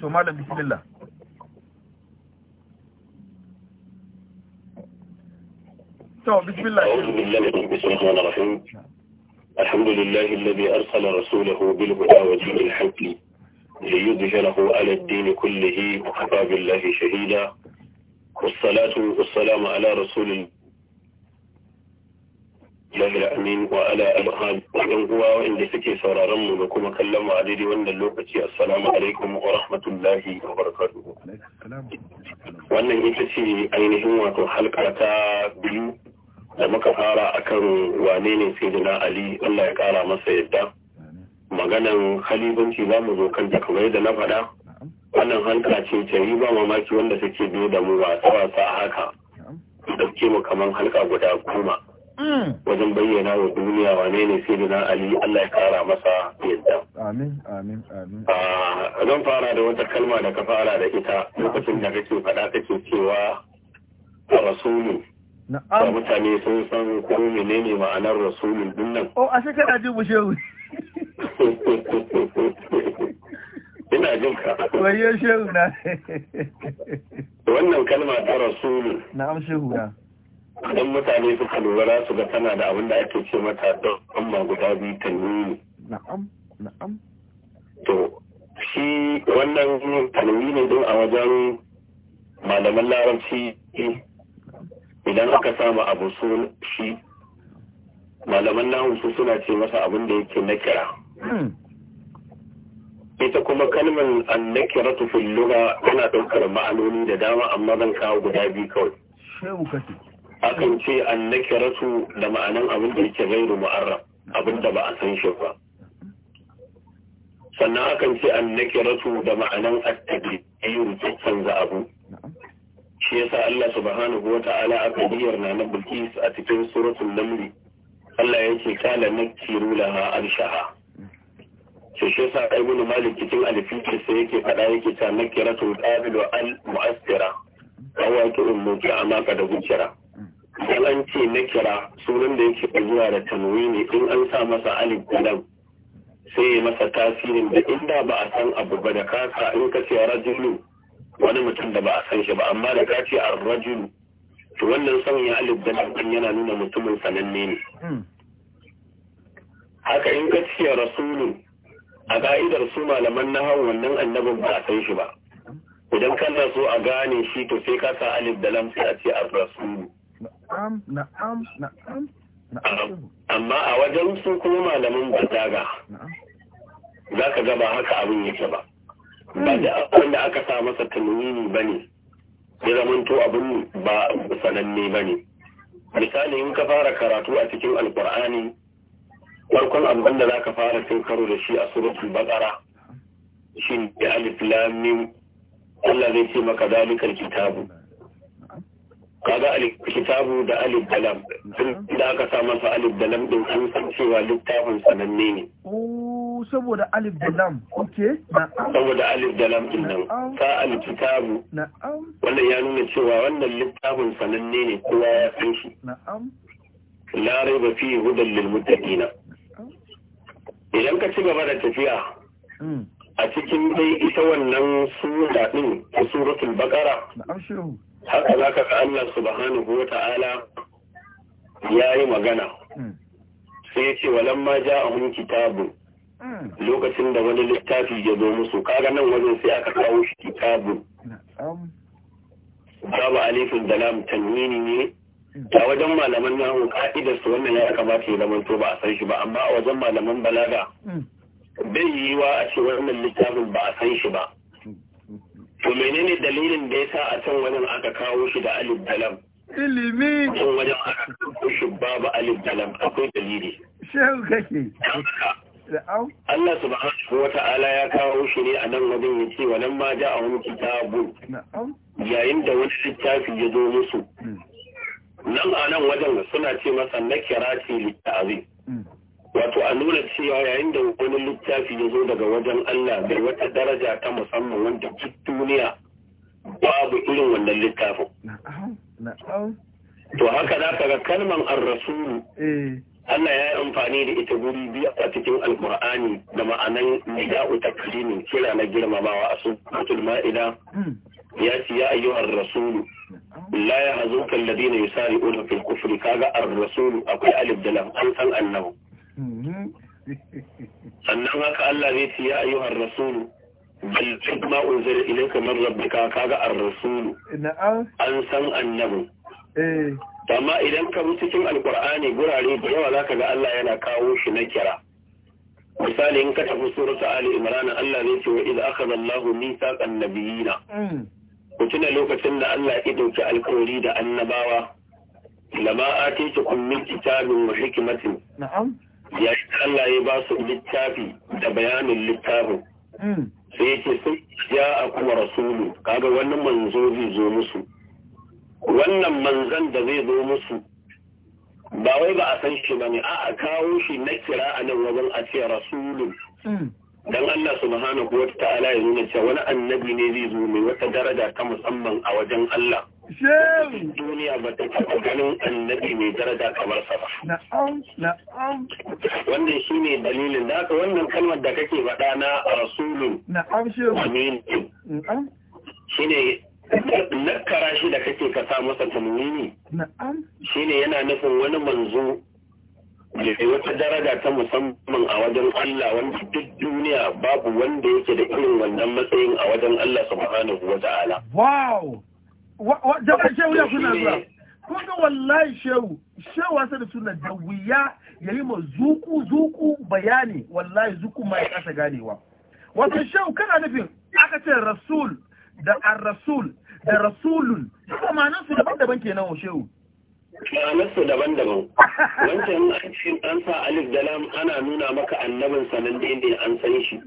to malam bismillah to bismillah الحمد لله الذي أرسل رسوله بالهدى ودين الحق ليظهره على الدين كله وكفى بالله شهيدا والصلاة والسلام على رسول الله Lahir Amin wa ala alhaj Yan uwa waɗanda suke sauraron mu da kuma kallon mu a daidai wannan lokaci assalamu alaikum wa rahmatullahi wa barakatuhu. Wannan ita ce ainihin wato halka ta biyu da muka fara akan wane ne na Ali Allah ya kara masa yadda. Maganan halibanci za mu zo kan kamar yadda na faɗa. Wannan halka ce ta yi ba mamaki wanda suke biyu da mu wasa wasa haka. Ɗauke mu kamar halka guda goma. wajen bayyana wa duniya wane ne sai na ali allah ya kara masa yadda amin amin amin zan fara da wata kalma da ka fara da ita lokacin da kake faɗa kake cewa a rasulu na'am mutane sun san ko ne ma'anar rasulun dinnan oh ashe ji jin shehu. ina jin ka wariyar shehu na wannan kalma ta rasulun na'am shehu na idan mutane suka lura za su ga tana da abin da ake ce mata don amma guda biyu ta nuni. Na'am, na'am. To, shi wannan kalmi ne don a wajen malaman larabci idan aka samu abu su shi malaman nahun su suna ce masa abin da yake na kira. Hmm. Ita kuma kalmar an na kira tufin lura tana ɗaukar ma'anoni da dama amma zan kawo guda biyu kawai. Shehu akan ce an nakiratu da ma'anan abin da yake gairu mu'arraf abin da ba a san shi ba sannan akan ce an nakiratu da ma'anan at-tadbiru canza abu shi yasa Allah subhanahu wa ta'ala aka biyar na na Bilkis a cikin suratul Naml Allah yake kala nakiru laha arshaha shi shi yasa Ibn Malik cikin alfiqi sai yake fada yake ta nakiratu qabilu al mu'assira wa waqi'un muki'a ma da hujira idan an ce na kira sunan da yake zuwa da ne in an sa masa alif galam sai ya masa tasirin da inda ba a san abu ba da kasa in ka ce rajulu wani mutum da ba a san shi ba amma da ka ce rajulu to wannan sanya alif galam din yana nuna mutumin sananne ne hmm. haka in ka ce rasulu a ka'idar su malaman na hau wannan annabin ba a san shi ba idan kana so a gane shi to sai ka sa alif da lam sai a ce ar-rasulu amma a wajen su kuma malamin daga. za ka gaba haka abin yake ba hmm. ba da wanda aka sa masa tunani ba ne ya zamanto abin ba sananne ba ne misali in ka fara karatu a cikin alkur'ani farkon abin da za ka fara cin karo da shi a suratul baqara shi da alif lam Allah zai ce maka zalikal kitabu kaga alkitabu da alif da lam da aka sa masa alif da lam din an san cewa littafin sananne ne saboda alif da lam okay saboda alif da din nan ka alkitabu na'am wannan ya nuna cewa wannan littafin sananne ne kowa ya san shi na'am la raiba fi hudan lil muttaqina idan ka ci gaba da tafiya hmm. a cikin dai ita wannan sura din suratul baqara na'am shehu haka za ka Allah subhanahu wa ta'ala ya yi magana hmm. sai ya ce walan ma ja a hun kitabu hmm. lokacin da wani littafi ya zo musu kaga nan wajen sai aka kawo shi kitabu babu alifin da lam tanwini ne hmm. a wajen malaman nahu ka'idar su wannan ya kamata ya zamanto ba a san shi ba amma a wajen malaman balaga bai yi wa a ce wannan littafin ba a san shi ba to menene dalilin da yasa a can wajen aka kawo shi da alif dalam ilimi can wajen aka kawo shi babu alif dalam akwai dalili shehu kake Allah subhanahu wa ta'ala ya kawo shi ne a nan wajen ya ce walan ma ja a wani kitabu yayin da wani littafi ya zo musu hmm. nan a nan wajen suna ce masa na kira ce littafi hmm. wato a nuna cewa yayin da wani littafi ya zo daga wajen Allah da wata daraja ta musamman wanda duk duniya babu irin wannan littafin. To haka za ka ga kalman ar-rasulu eh. Allah ya yi amfani da ita guri biyu a cikin Alkur'ani da ma'anan nida'u takrimi kira na girmamawa a suratul Ma'ida hmm. ya ce ya ayyu ar-rasulu la yahzuka alladhina yusari'una fil kufri kaga ar-rasulu akwai alif da lam an san annahu sannan haka Allah zai ce ya ayyuhar rasulu bal duk ma unzira ilayka min rabbika kaga ar-rasul an san annabi eh amma idan ka bi cikin alqur'ani gurare da yawa zaka ga Allah yana kawo shi na kira misali in ka tafi surata ali imran Allah zai ce wa idh akhadha Allahu mithaqan nabiyina mm. ku tuna lokacin da Allah ya dauki alkawari da annabawa lama atiyakum min kitabin wa hikmatin na'am ya Allah ya ba su littafi da bayanin littafin hmm. sai yake sun ya a kuma rasulu kaga wannan manzo zai zo musu wannan manzan da zai zo musu ba wai ba a san shi ba ne a kawo shi na kira a nan wajen a ce rasulun hmm. dan Allah subhanahu wa ta'ala ya nuna cewa wani annabi ne zai zo mai wata daraja ta musamman a wajen Allah Shehu. Duniya ba ta taɓa ganin annabi mai daraja kamar sa ba. Na'am, na'am. Wannan shi ne dalilin da haka wannan kalmar da kake faɗa na rasulun. Na'am shehu. Aminu. Na'am. Shi ne nakara shi da kake ka sa masa tanwini. Na'am. Shi ne yana nufin wani manzo da wata daraja ta musamman a wajen Allah wanda duk duniya babu wanda yake da irin wannan matsayin a wajen Allah subhanahu wa ta'ala. Wow! jama'a shehu ya kuna zuwa kuma wallahi shehu shehu wasa da suna da wuya ya yi ma zuku zuku bayani wallahi zuku ma ya kasa ganewa wato shehu kana nufin aka ce rasul da ar-rasul da rasulun kuma nan su daban-daban kenan wa shehu Ranarsu daban-daban. Wancan an an alif da lam ana nuna maka annabin sanin da inda an san shi.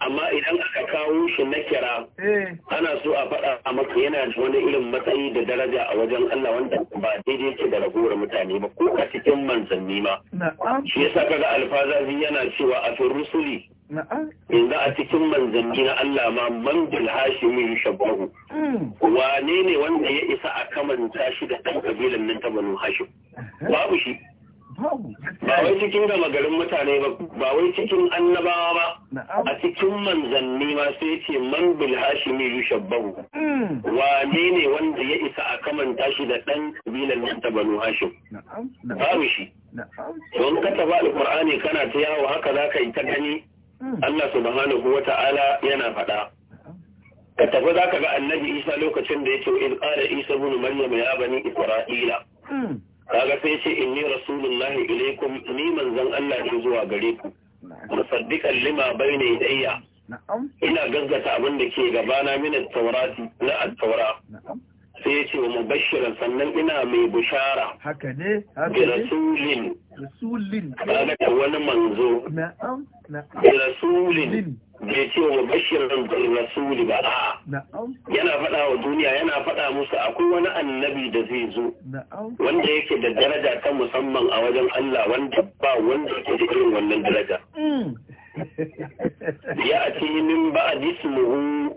Amma idan aka kawo shi na kira eh. ana so a faɗa a maka yana da wani irin matsayi da daraja a wajen Allah wanda ba daidai yake da ragowar mutane ba ko a cikin manzanni ma. Shi yasa kaga alfazazi yana cewa a fi rusuli In za a cikin manzanni na Allah ma man bil hashimi yushabbahu hmm. wane ne wanda ya isa a kamanta shi da ɗan kabilan nan ta banu hashim babu shi ba wai cikin gama garin mutane ba ba wai cikin annabawa ba a cikin manzanni ma sai ce man bil hashimi yushabbahu hmm. wane ne wanda ya isa a kamanta shi da ɗan kabilan nan ta banu hashim babu shi don ka taba alqur'ani kana ta yawo haka zaka yi ta gani Allah subhanahu wa ta'ala yana faɗa ka tafi za ka ga annabi isa lokacin da ya ce in ƙara isa bin maryam ya bani isra'ila ga sai ce inni rasulullahi ilaikum ni manzon Allah ne zuwa gare ku musaddiqan lima bayna yadayya ina gaggata abin da ke gabana min at-taurati na at-taura sai ya ce wa mubashiran sannan ina mai bushara haka ne haka ne rasulin rasulin kaga da wani manzo na'am na'am rasulin bai ce wa mubashiran bil rasuli ba na'am yana faɗa wa duniya yana faɗa musu akwai wani annabi da zai zo na'am wanda yake da daraja ta musamman a wajen Allah wanda ba wanda yake da irin wannan daraja mm. ya ati min ba'd ismuhu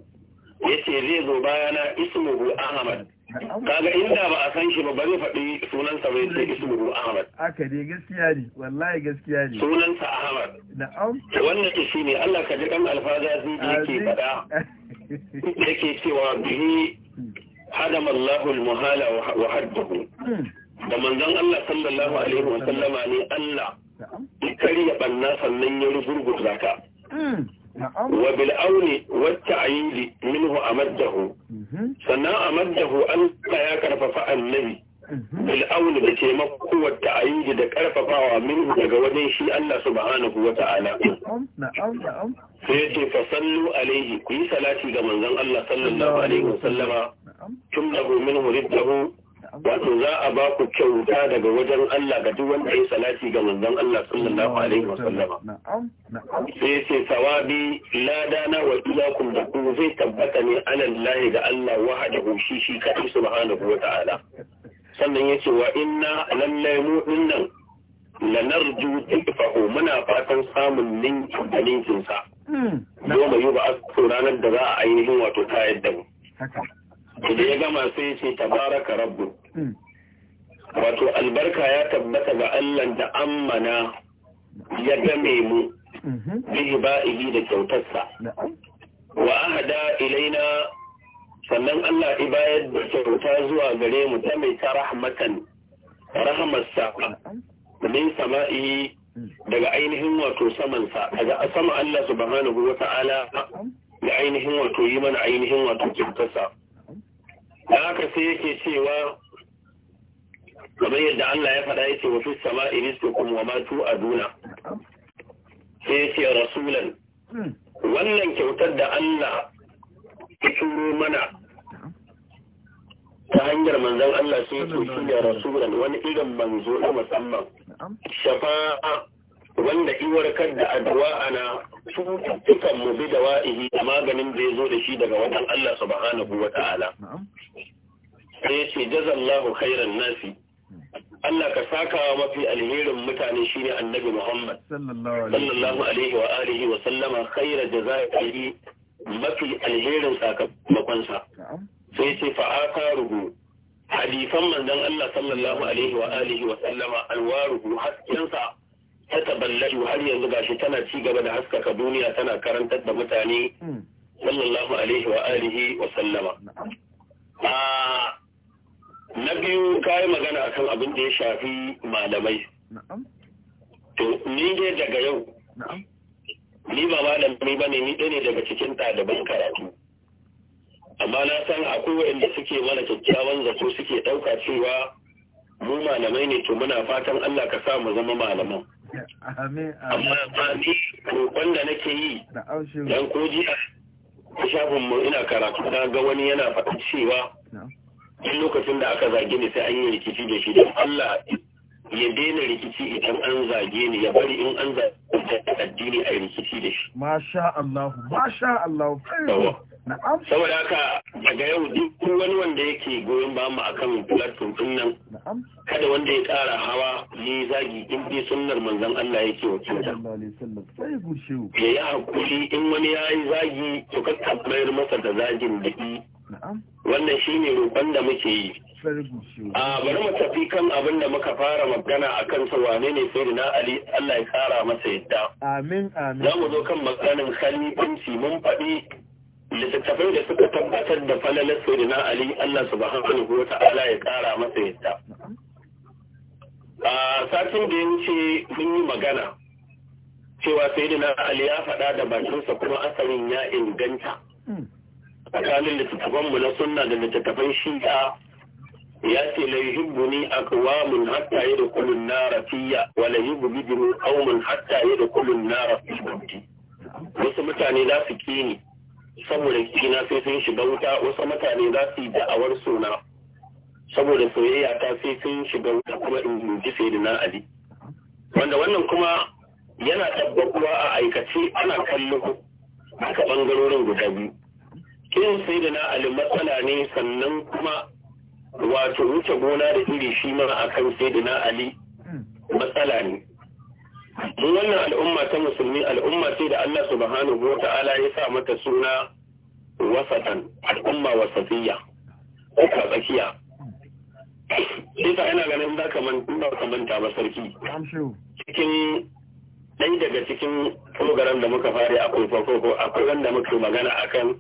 yace zai zo bayana ismuhu ahmad kaga inda ba a san shi ba bari faɗi sunansa bai ce ismuhu ahmad haka dai gaskiya ne wallahi gaskiya ne sunansa ahmad na'am wannan shi ne Allah ka ji kan alfaza zai yake faɗa yake cewa bihi hadama Allahu al wa haddahu hmm. da manzon Allah sallallahu alaihi wa sallama ne Allah karya banna sannan ya rugurguza ka wa bil'auni auni wa ta'yili minhu amaddahu mhm. sannan amaddahu Allah ya karfafa annabi mhm. bil'auni da ce mako wa da karfafawa minhu daga wajen shi Allah subhanahu wa ta'ala sai ce sallu alaihi ku yi salati ga manzon Allah sallallahu alaihi wa sallama tun lahu minhu riddahu wato za a ba ku kyauta daga wajen Allah ga duk wanda ya salati ga manzon Allah sallallahu alaihi wasallama sai ce sawabi lada na wa iyakum da ku zai tabbata ne alallahi ga Allah wahdahu shi shi kadai subhanahu wa ta'ala sannan ce, wa inna lallai mu dinnan lanarju tikfahu muna fatan samun ninki da ninkin sa hmm, yau mai yi ba a ranar da za a ainihin wato tayar da mu da ya gama sai ce tabaraka rabbu hmm. wato albarka ya tabbata ga Allah da ammana ya game mu mhm. bihi ba'ihi da kyautarsa wa ahada ilaina sannan Allah ibayar da kyauta zuwa gare mu ta mai ta rahmatan rahmarsa min sama'i hmm. daga ainihin wato sa. daga sama Allah subhanahu wa ta'ala da ainihin wato yi mana ainihin wato kyautarsa da haka sai yake cewa kamar yadda Allah ya faɗa yake wa fis sama'i rizqukum wa ma tu'aduna sai yake rasulan wannan kyautar da Allah ya turo mana ta hanyar manzon Allah sai yake shi rasulan wani irin manzo na musamman shafa'a wanda iwarkar da addu'a ana cututtukan mu bi da wa'ihi da maganin da ya zo da shi daga wajen Allah subhanahu wa ta'ala sai ce jazallahu khairan nasi Allah ka sakawa mafi alherin mutane shine annabi Muhammad sallallahu alaihi wa alihi wa sallama khaira jazaihi mafi alherin sakamakonsa sai ce fa'aka rubu hadifan manzon Allah sallallahu alaihi wa alihi wa sallama alwaruhu haskensa ta taballalu har yanzu gashi tana ci gaba da haskaka duniya tana karantar da mutane hmm. sallallahu alaihi wa alihi wa sallama ah, na biyu kayi magana akan abin da ya shafi malamai to ni dai daga yau ni ba malami ba ne ni ɗaya ne daga cikin ɗaliban karatu amma na san akwai wanda suke mana kyakkyawan zato suke ɗauka cewa mu malamai ne to muna fatan Allah ka sa mu zama malaman amin amma da nake yi dan jiya a shafin mu ina karatu na ga wani yana faɗin cewa duk lokacin da aka zage ni sai an yi rikici da shi don Allah ya daina rikici idan an zage ni ya bari in an zage addini a rikici da shi masha Allah masha Allah saboda haka daga yau duk wani wanda yake goyon ba mu akan platform din nan kada wanda ya tsara hawa ni zagi in bi sunnar manzon Allah yake wakilta ya hakuri in wani ya yi zagi to ka tabbayar masa da zagin da wannan shine roƙon da muke yi a bari mu tafi kan abin da muka fara magana a kan sa wane ne sai na ali Allah ya kara masa yadda amin amin za mu zo kan maganin khalifanci mun faɗi littattafai da suka tabbatar da falalar sayyidina ali Allah subhanahu wa ta'ala ya kara masa yadda a satin da ya wuce mun yi magana cewa sayyidina ali ya faɗa da bakinsa kuma asalin ya inganta tsakanin littattafanmu na sunna da littattafan shi'a ya ce la yuhibbuni aqwamun hatta yadkhulu an-nar fiyya wa la yuhibbu qaumun hatta yadkhulu an-nar fi wasu mutane za su kini saboda kina sai sun shiga wuta wasu mutane za su yi da'awar suna saboda soyayya ta sai sun shiga wuta kuma in ji sai na ali wanda wannan kuma yana tabbatuwa a aikace ana kallon haka bangarorin guda biyu kin sai da na ali matsala ne sannan kuma wato wuce gona da iri shi ma akan sai da na ali matsala ne mun wannan al'umma ta musulmi al'umma ce da Allah subhanahu wa ta'ala ya sa mata suna wasatan al'umma wasafiya ko tsakiya Isa yana ganin za ka manta ba sarki cikin ɗaya daga cikin program da muka fara akwai farko akwai wanda muka magana akan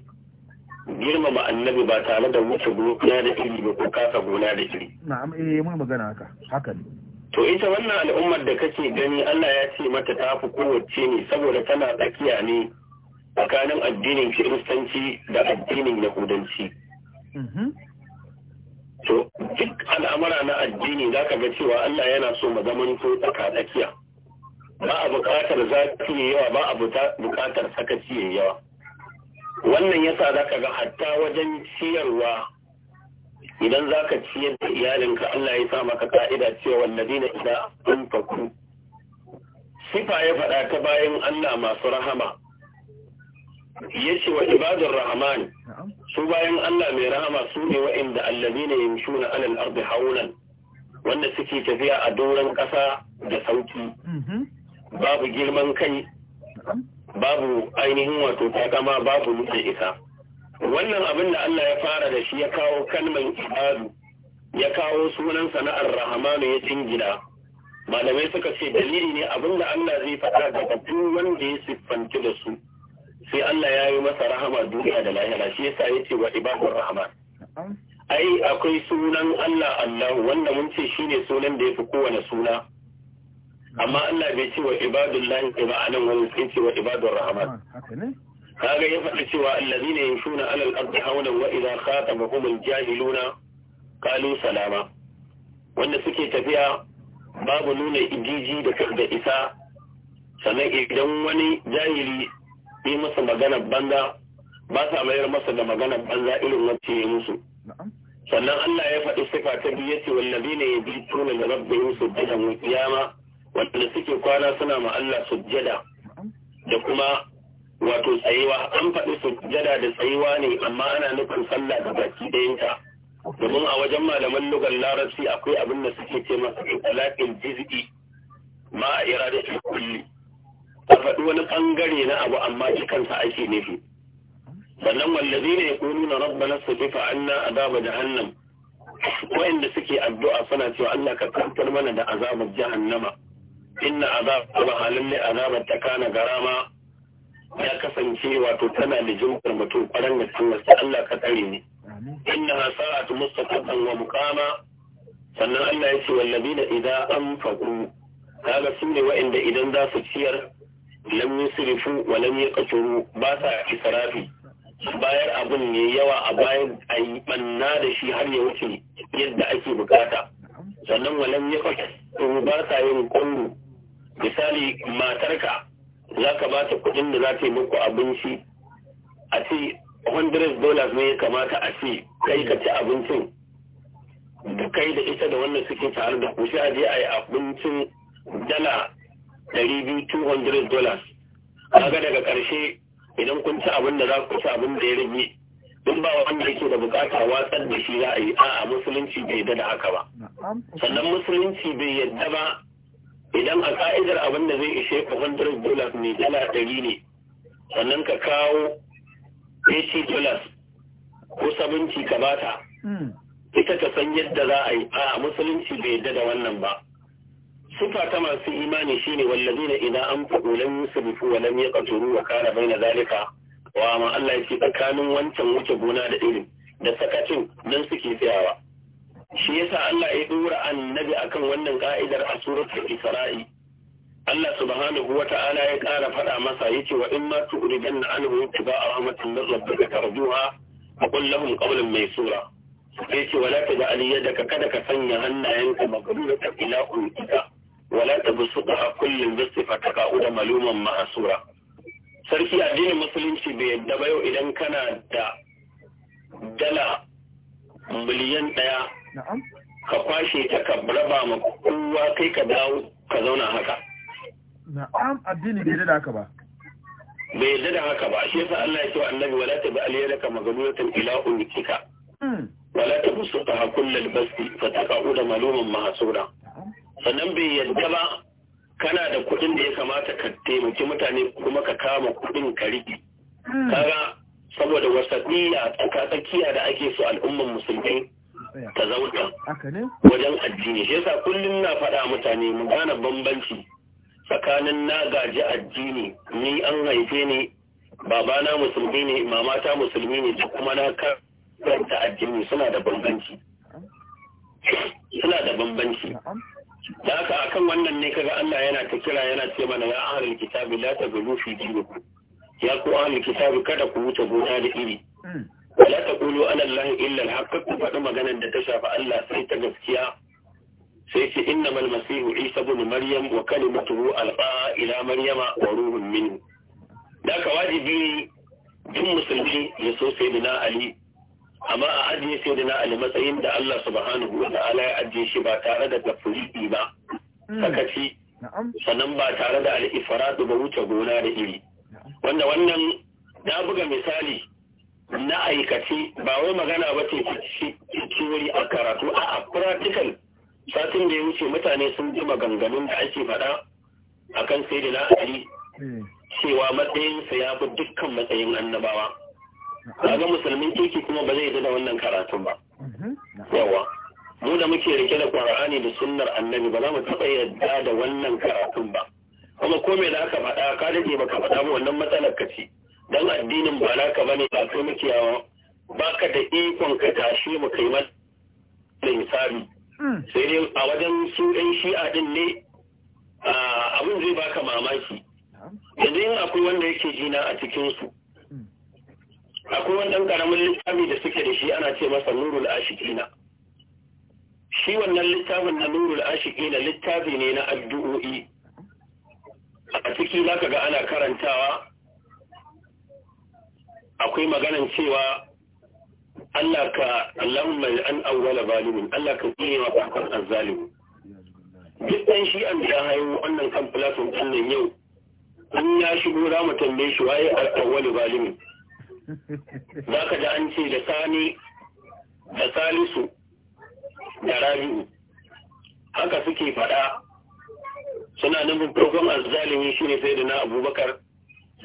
girmama annabi ba tare da wuce gona da iri ba ko kasa gona da iri. Na'am eh mun magana haka haka ne. To ita wannan al'ummar da kake gani Allah ya ce mata ta fi kowace ne saboda tana tsakiya ne tsakanin addinin Kiristanci da addinin Yahudanci. Mm-hmm. To duk al'amura na addini za ka ga cewa Allah yana so mu zaman to tsaka tsakiya. Ba a buƙatar zafi yawa ba a buƙatar sakaci yawa. Wannan yasa za ka ga hatta wajen ciyarwa idan za ka ciyar da iyalinka Allah ya sa maka ka'ida cewa wallazina idza anfaqu sifa ya faɗa ta bayan Allah masu rahama yace wa ibadun rahman su bayan Allah mai rahama su ne wa'inda allazina na alal ardi haunan wanda suke tafiya a doron ƙasa da sauki mhm. babu girman kai babu ainihin wato takama babu nutse isa wannan abin da Allah ya fara da shi ya kawo kalman ibadu ya kawo sunan sana'ar rahamanu ya jingina malamai suka ce dalili ne abin da Allah zai faɗa daga duk wanda ya siffanci da su sai Allah ya yi masa rahama duniya da lahira shi yasa ya ce wa ibadun rahman ai akwai sunan Allah Allah wanda mun ce shine sunan da yafi kowane suna amma Allah bai ce wa ibadullahi ba anan wani sai ce wa ibadur rahman ah, kaga ya faɗi cewa allazina yamshuna alal ardi hawlan wa idza khatabahum aljahiluna qalu salama wanda suke tafiya babu nuna ijiji da da isa sannan idan wani jahili yi masa magana banza ba sa mayar masa da magana banza irin wacce ya musu sannan Allah ya faɗi sifa ta biyu yace wallazina yabituna li rabbihim sujjadan wa qiyama wanda suke kwana suna ma Allah sujjada da kuma wato tsayewa an faɗi sujjada da tsayewa ne amma ana nufin sallah da baki ɗayanta domin a wajen malaman lugar larabci akwai abin da suke ce masa alaƙin jizgi ma a irada kulli a faɗi wani ɓangare na abu amma cikansa ake nufi sannan wallazi ne ya kunu na rabbana su fi fa'anna azaba jahannam wa'inda suke addu'a suna cewa Allah ka kantar mana da azabar jahannama inna halin ne azabar ta kana garama ya kasance wato tana da jimkar mutum kwaran da wasu Allah ka tsare ne inna hasaratu mustaqatan wa muqama sannan Allah ya ce wallabina idan anfaqu kaga su ne wa'anda idan za su ciyar lam yusrifu wa lam yaqturu ba sa israfi bayar abun ne yawa a bayan ayi banna da shi har ya wuce yadda ake bukata sannan walam yaqturu ba sa yin kullu misali matarka za ka ba ta kuɗin da za ta yi muku abinci a ce 100 dollars ne ya kamata a ce kai ka ci abincin da kai da ita da wannan suke tare da kusa a je a yi abincin dala 200 hundred dollars kaga daga karshe idan kun ci abin da za ku ci abin da ya rage in ba wanda yake da bukata watsar da shi za a yi a'a musulunci bai yadda da haka ba sannan musulunci bai yadda ba idan a ka'idar abin da zai ishe ka hundred dollars ne dala ɗari ne sannan ka kawo 80 dollars ko 70 ka bata hmm. ita ka san yadda za a yi a musulunci bai yadda da wannan ba sufa ta masu imani shine na idan an faɗo lam yusrifu wa lam yaqturu wa kana baina zalika wa ma Allah yake tsakanin wancan wuce gona da irin da sakacin nan suke tsayawa shi yasa Allah ya dora annabi akan wannan ka'idar a suratul Isra'i Allah subhanahu wa ta'ala ya ƙara faɗa masa ya yace wa in ma tu'ridanna anhu tiba'a rahmatin min rabbika tarjuha wa qul lahum qawlan maysura ce wala taj'al yadaka kada ka sanya hannayenka maghlulatan ila ulika wala tabsutaha kullun basti fataqa'uda maluman ma'sura sarki addinin musulunci bai yadda ba yau idan kana da dala miliyan ɗaya ka kwashe ta ka raba ma kowa kai ka dawo ka zauna haka na'am addini bai da haka ba bai yadda da haka ba shi yasa Allah ya ce annabi wala tabi aliyalaka magalulatan ila umkika hmm. wala hakun tabsutaha kullal basti fataqa'uda maluman mahasura. sannan bai yadda ba kana da kuɗin da ya kamata ka taimaki mutane kuma ka kama kuɗin ka riƙe hmm. kaga saboda wasaɗiya tsakiya da ake so al'umman musulmi ka zauna wajen addini shi yasa kullum na faɗa mutane mu gane bambanci tsakanin na gaji addini ni an haife ni babana musulmi ne mamata musulmi ne da kuma na karanta addini suna da bambanci suna da bambanci da haka akan wannan ne kaga Allah yana ta kira yana ce mana ya ahlul kitabi la tagulu fi dinikum ya ku ahlul kitabi kada ku wuce gona da iri hmm. wala ta kulu ana Allah illa al ku faɗi maganar da ta shafi Allah sai ta gaskiya sai ce innamal masihu Isa ibn Maryam wa kalimatuhu alqa ila Maryama wa ruhun minhu da wajibi duk musulmi ya so sayyidina Ali amma a ajiye sayyidina Ali matsayin da Allah subhanahu wa ta'ala ya ajiye shi ba tare da tafridi ba sakaci sannan ba tare da al-ifrad ba wuce gona da iri wanda wannan na buga misali na aikace ba wai magana ba ce ciwuri a karatu a practical satin da ya wuce mutane sun ji maganganun da ake faɗa a kan sai da la'ari cewa matsayinsa ya fi dukkan matsayin annabawa ga musulmin keke kuma ba zai da wannan karatun ba mhm. yawa mu da muke rike da ƙwararrani da sunnar annabi ba za mu taɓa yadda da wannan karatun ba kuma ko me da aka faɗa ka dade ka faɗa ba wannan matsalar ka ce dan addinin ba ka bane ba kai muke yawa baka da ikon ka tashi mu kai da misali mm. sai dai a wajen su ɗan shi'a din ne abin zai baka mamaki yanzu yin akwai wanda yake jina a cikinsu mm. akwai wanda karamin littafi da suke da shi ana ce masa nurul ashikina shi wannan littafin na nurul ashikina littafi ne na addu'o'i a ciki zaka ga ana karantawa akwai maganan cewa Allah ka Allahumma an awwala zalimin Allah ka tsine wa farkon azzalimi duk dan shi an da hayo wannan kan platform din nan yau in ya shigo za mu tambaye shi waye al-awwal zalimin zaka da an ce da sani da salisu da rabi'u haka suke faɗa suna nufin program azzalimi shine sai da na abubakar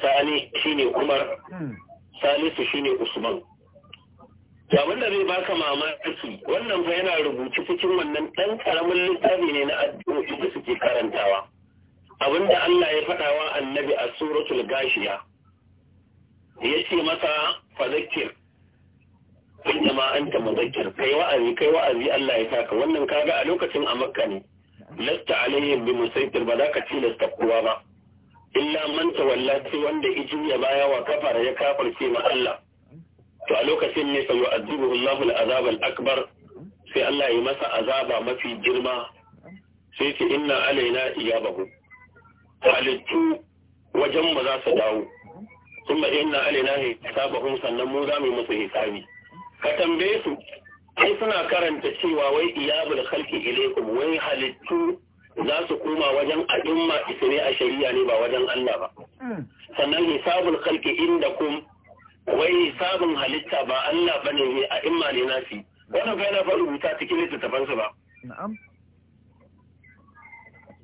sani shine umar hmm. salisu shine usman to abin da zai baka mamaki wannan fa yana rubuci cikin wannan dan karamin littafi ne na addu'o'i da suke karantawa abin da Allah ya faɗa wa annabi a suratul gashiya ya ce masa fadakir inda ma anta mudakkir kai wa'azi kai wa'azi Allah ya saka wannan kaga a lokacin a makka ne lasta alaihim bi musaitir ba za ka tilasta kowa ba illa man tawalla wanda ya baya wa kafara ya kafirce ma Allah to a lokacin ne sai yu'adhibuhu Allahu al-azab al-akbar sai Allah ya masa azaba mafi girma sai ce inna alaina iyabahu halittu wajen mu za su dawo kuma inna alaina hisabahum sannan mu za mu musu hisabi ka tambaye su sai suna karanta cewa wai iyabul khalqi ilaykum wai halittu za su koma wajen al'umma ne a shari'a ne ba wajen Allah ba hmm. sannan hisabul khalqi inda kum wai hisabun halitta ba Allah ba ne a imma ne nasi wannan fa yana fa rubuta cikin littattafansa ba na'am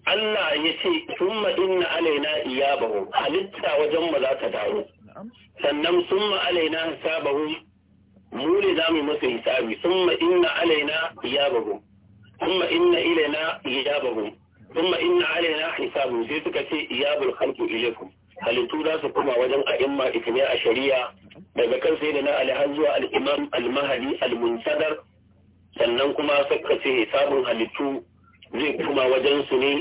Allah ya ce summa inna alaina iyabahum halitta wajen mu za ta dawo sannan summa alaina hisabahum mu ne za mu musu hisabi summa inna alaina iyabahum ثم إن إلينا إجابهم ثم إن علينا حسابهم sai suka ce iyabul khalqi ilaykum halittu za su kuma wajen a'imma itne a shari'a daga kan sai da na ali al-imam al-mahdi al-munsadar sannan kuma suka ce hisabun halittu zai kuma wajen su ne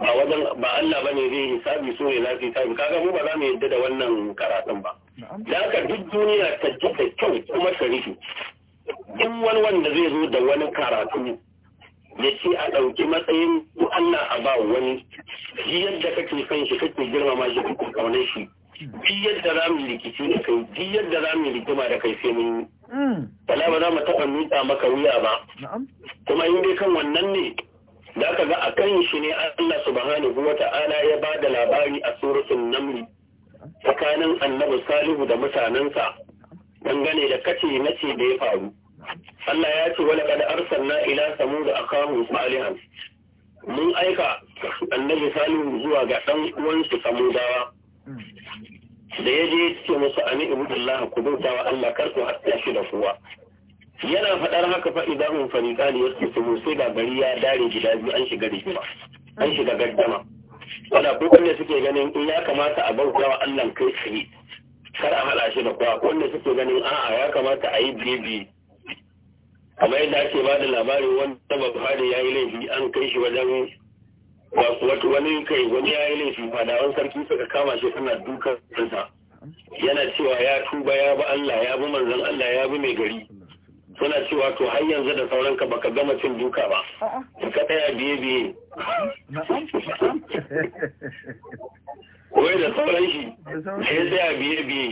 ba wajen ba Allah bane zai hisabi so ne lafi tabi kaga mu ba za mu yadda da wannan karatun ba da haka duk duniya ta ji kyau kuma sharifi in wani wanda zai zo da wani karatu da ce a ɗauki matsayin duk Allah a ba wani ji yadda kake son shi kake girmama shi kake kaunar shi ji yadda za mu rikici da kai ji yadda za mu rigima da kai sai mun yi hmm. bala ba za mu taɓa miƙa maka wuya ba kuma in dai kan wannan ne da aka ga a kan shi ne Allah subhanahu wa ta'ala ya ba da labari a suratul naml tsakanin annabi salihu da mutanensa dangane da kace nace da ya faru Allah ya ce wani kada arsalna ila da akahum salihan mun aika annabi salihu zuwa ga dan uwansu samudawa da ya je ce musu ani ibudullah ku bauta wa Allah kar ku hada shi da kuwa. yana fadar haka fa idan mun fariqa ne yake su sai da gari ya dare gida biyu an shiga rigima an shiga gaddama wanda ko wanda suke ganin in ya kamata a bauta wa Allah kai tsaye kar a haɗa shi da kuwa, wanda suke ganin a'a ya kamata a yi bibi kamar yadda ake ba da labarin wanda babba ya yi laifi an kai shi wajen wasu wani kai wani ya yi laifi wani sarki suka kama shi suna dukan kansa yana cewa ya tuba ya bi Allah ya bi manzon Allah ya bi mai gari suna cewa to har yanzu da sauran ka baka gama cin duka ba ka tsaya biye biye wai da sauran shi sai tsaya biye biye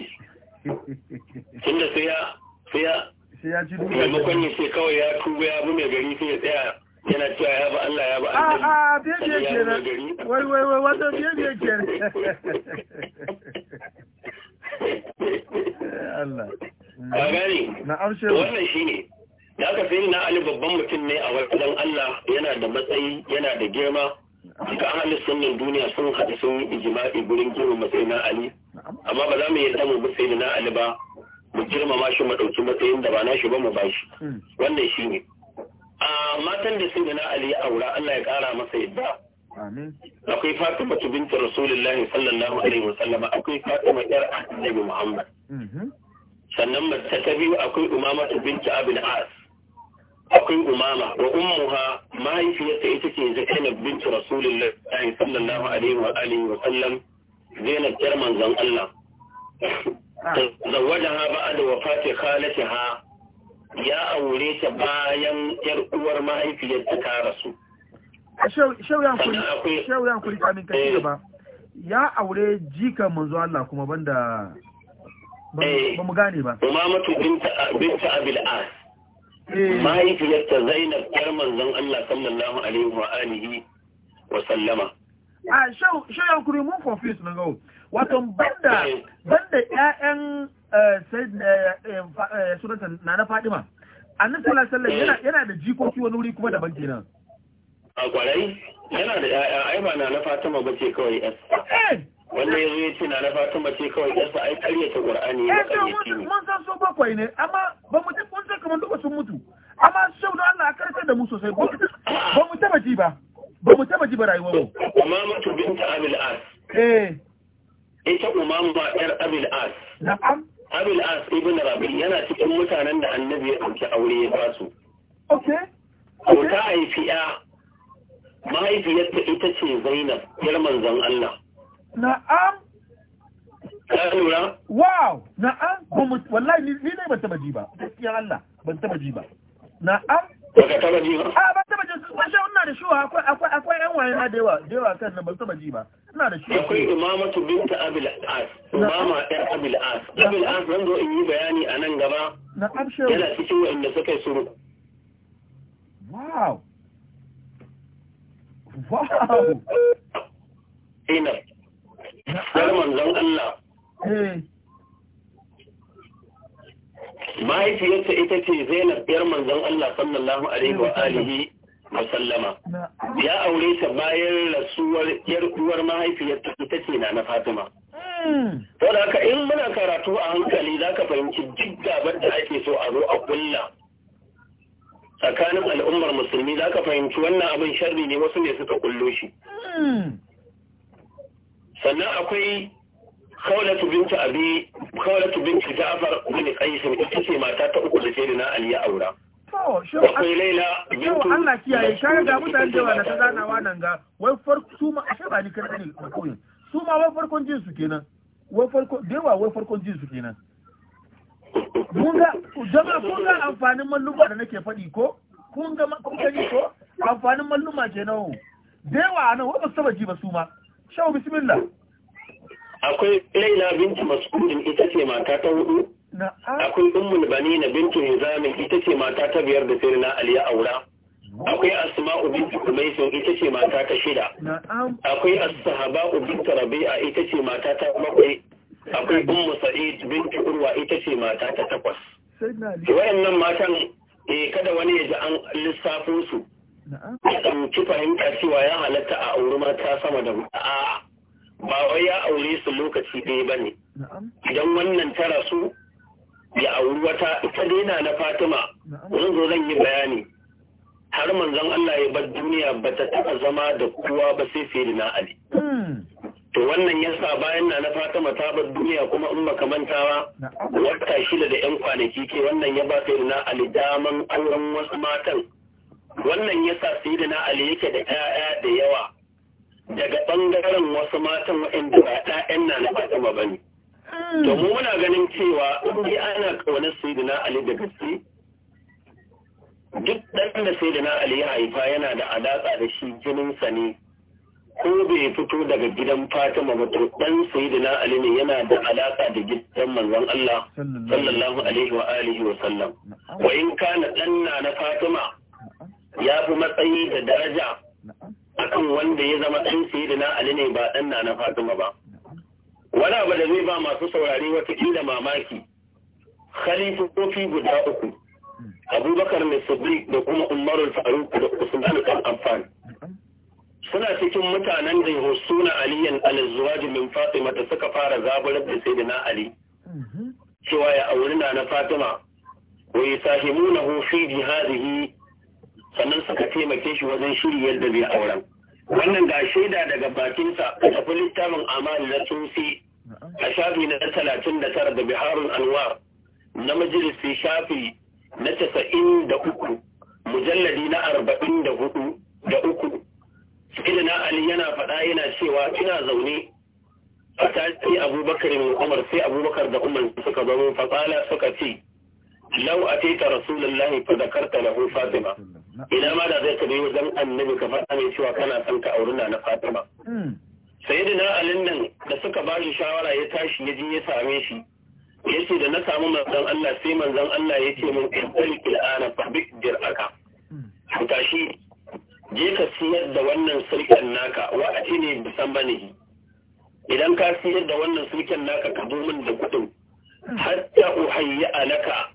tunda sai ya sai ya sai ya ji duniya maimakon kwanye ce kawai ya tuba ya bi mai gari sai ya tsaya yana cewa ya ba Allah ya ba Allah a a biye biye kenan wai wai wai wannan biye biye kenan Allah ba gani na amshe wannan ne. da aka sai na Ali babban mutum ne a wajen Allah yana da matsayi yana da girma duka ahalin sunnan duniya sun haɗu sun yi ijma'i gurin girma matsayi na Ali amma ba za mu yarda mu bi sai na Ali ba mu girmama shi mu ɗauki matsayin da ba na shi ba mu bashi hmm. wannan shi ne a matan da sun na ali ya aura Allah ya ƙara masa yadda akwai fatima tu binta rasulullahi sallallahu alaihi wasallam akwai fatima yar annabi muhammad mhm. sannan mata ta biyu akwai umama tu binta abin as akwai umama wa ummuha mahaifiyarta ita ce zainab binta rasulullahi sallallahu alaihi wa alihi wa sallam zainab yar manzon Allah zawajaha ba'da wafati ha ya aure ta bayan yar uwar mahaifiyarta ta rasu shauyan kuri shauyan kuri kamin ka eh. gaba ya aure jika manzo Allah kuma banda eh. ba mu gane ba umamatu binta binta abil as eh. mahaifiyarta Zainab yar manzon Allah sallallahu alaihi wa alihi wa sallama a ah, shauyan kuri mun confuse na gawo wato banda banda ƴaƴan eh, eh, eh, sunanta na na Fadima annabi sallallahu alaihi yana yana da jikoki wani wuri kuma daban kenan a kwarai yana da ƴaƴa ai ba na na Fatima bace kawai yarsa wanda yazo ya ce na na Fatima ce kawai yarsa ai karyata Qur'ani ya karyata ne mun san so bakwai ne amma ba mu ji kun san kamar duka sun mutu amma sau da Allah karfe da mu sosai ba mu taba ji ba ba mu taba ji ba rayuwar mu amma mutu binta amil As eh ita umama yar abil as na'am abil as ibn rabi yana cikin mutanen da annabi ya dauki aure ya basu okay ko ta haifi ya mahaifiyarta ita ce zainab yar manzon Allah na'am ka lura wow na'am kuma wallahi ni ne ban taba ji ba gaskiya Allah ban taba ji ba na'am ba ka taba ji ba wasu ina da shuwa akwai yan waye na da yawa da yawa kan nan ba su ji ba ina da shuwa akwai imamatu binta abil as imama yar abil as abil as zan zo in yi bayani a nan gaba na abshir yana cikin wanda suka yi suru wow wow ina yar manzon Allah eh. mahaifiyarta ita ce zainab biyar manzon Allah sallallahu alaihi wa alihi wasallama ya aure ta bayan rasuwar yar uwar mahaifiyarta ita ce na na Fatima hmm. to da in muna karatu a hankali zaka fahimci duk gaban da ake so a zo a kulla tsakanin al'ummar musulmi zaka fahimci wannan abin sharri ne wasu ne suka kullo shi hmm. sannan akwai kawalatu binta abi kawalatu binta Ja'far bin Qais ita ce mata ta uku da sai na Ali ya aura to Allah kiyaye kare ga mutane da yawa da ta wa nan ga wai farko su ma ashe ba ni kan ne koyi su ma wai farkon jin su kenan wai farko da yawa wai farkon jin su kenan mun ga jama'a kun ga amfanin malluma da nake faɗi ko kun ga kun gani ko amfanin malluma kenan da yawa nan wai ba su taba ji ba su ma shawo bismillah akwai laila masu mas'udin ita ce mata ta hudu akwai ummul banina bintu hizamin ita ce mata ta biyar da sirina Aliya a aura akwai asma'u bintu kumaisun ita ce mata ta shida akwai as-sahaba'u bintu rabi'a ita ce mata ta bakwai akwai ummu sa'id bintu urwa ita ce mata ta takwas wayannan matan eh kada wani ya ji an lissafo su ya ɗauki fahimta cewa ya halatta a auri mata sama da a'a ba wai ya aure su lokaci ɗaya ba ne idan wannan ta rasu ya auri wata ita daina na fatima zan zo zan yi bayani har manzon Allah ya bar duniya ba ta taɓa zama da kowa ba sai sai na ali to wannan yasa bayan na na fatima ta bar duniya kuma in baka mantawa wata shida da yan kwanaki ke wannan ya ba sai na ali daman auren wasu matan wannan yasa sai na ali yake da 'ya'ya da yawa daga ɓangaren wasu matan waɗanda ba 'ya'yan na na fatima ba ne domin mm. muna ganin cewa in dai ana kaunar sayyidina ali da gaske duk ɗan da sayyidina ali ya haifa yana da alaƙa da shi jininsa ne ko bai fito daga gidan fatima ba to ɗan sayyidina ali ne yana da alaƙa da gidan manzon Allah sallallahu alaihi wa alihi wa sallam wa in kana ɗan na na fatima ya fi matsayi da daraja akan wanda ya zama ɗan sayyidina ali ne ba ɗan na fatima ba wani abu da zai ba masu saurari wata mamaki khalifofi guda uku abubakar mai sabri da kuma umarul faruk da usman al amfan suna cikin mutanen da suna aliyan alizuwaji min fatima da suka fara zaburar da na ali cewa ya auri na fatima wa yusahimunahu fi jihadihi sannan suka taimake shi wajen shiri yadda zai auren wannan ga shaida daga bakinsa a tafi littafin amal na tusi a shafi na talatin da tara da biharun anwar na majalisi shafi na casa'in da uku mujalladi na arba'in da hudu da uku sai na ali yana faɗa yana cewa ina zaune a tashi abubakar min umar sai abubakar da umar suka zama fatsala suka ce lau a teta rasulullahi fa ta lahu fatima ina ma da zai ka wajen annabi ka faɗa mai cewa kana son ka auri na, na fatima hmm. na alin nan da suka ba shi shawara ya tashi ya je ya same shi yace da na samu manzon Allah sai manzon Allah ya ce min in talki il'ana fa bik ku tashi je ka siyar da wannan sulkin naka wa a ne bisan bane idan ka siyar da wannan sulkin naka ka zo min da kudin hatta uhayya alaka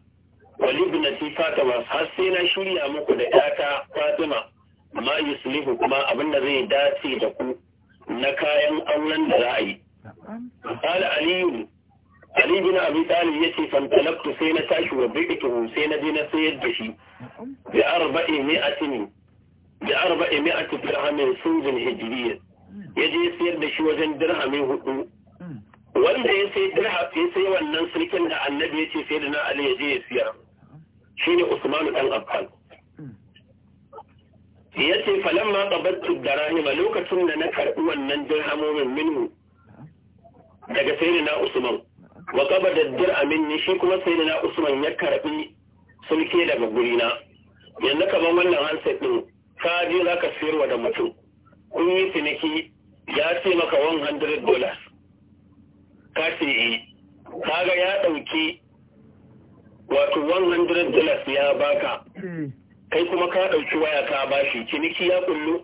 wa libnati fatima har sai na shirya muku da yata fatima ma yuslihu kuma abinda zai dace da ku na kayan auren da za a yi qala aliyu ali bin abi talib yace fantalaqtu sai na tashi wa bikitu sai na je na sayar da shi bi arba'i mi'atin bi arba'i mi'ati dirhamin sunjin Ya je sayar da shi wajen dirhami hudu wanda ya sai dirha ya sai wannan sulkin da annabi ya ce sai da na ali ya je ya siya. Shi ne usman dan affan ya ce falamma da rahima lokacin da na karɓi wannan dirhamomin minhu daga na Usman wa da dir'a minni shi kuma na Usman ya karɓi sulke daga gurina yanzu kaman wannan hansa ɗin ka je zaka sayarwa da mutum kun yi ciniki ya ce maka 100 dollars ka ce eh kaga ya ɗauki wato 100 dollars ya baka hmm. kai kuma ka ɗauki waya ka bashi ciniki ya kullu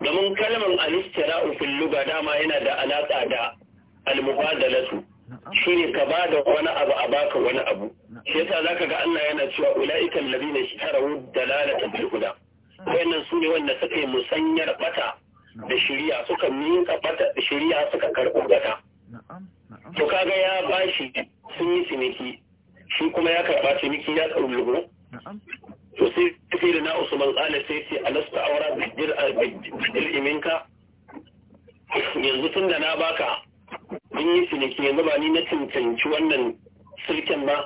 domin kalmar alistira ufin luga dama yana da alaƙa da almubadalatu ne ka ba da wani abu a baka wani abu shi yasa zaka ga Allah yana cewa ulaika alladhina ishtaraw dalalata bil huda wayannan su ne wanda suka yi musanyar bata da shiriya suka miƙa bata da shiriya suka karɓo bata to kaga ya bashi sun yi ciniki shi kuma ya karɓa ciniki ya karɓi to sai tafi da na usman sai ce a alasta aura bijir iminka yanzu tun da na baka mun yi ciniki yanzu ba ni na cancanci wannan silken ba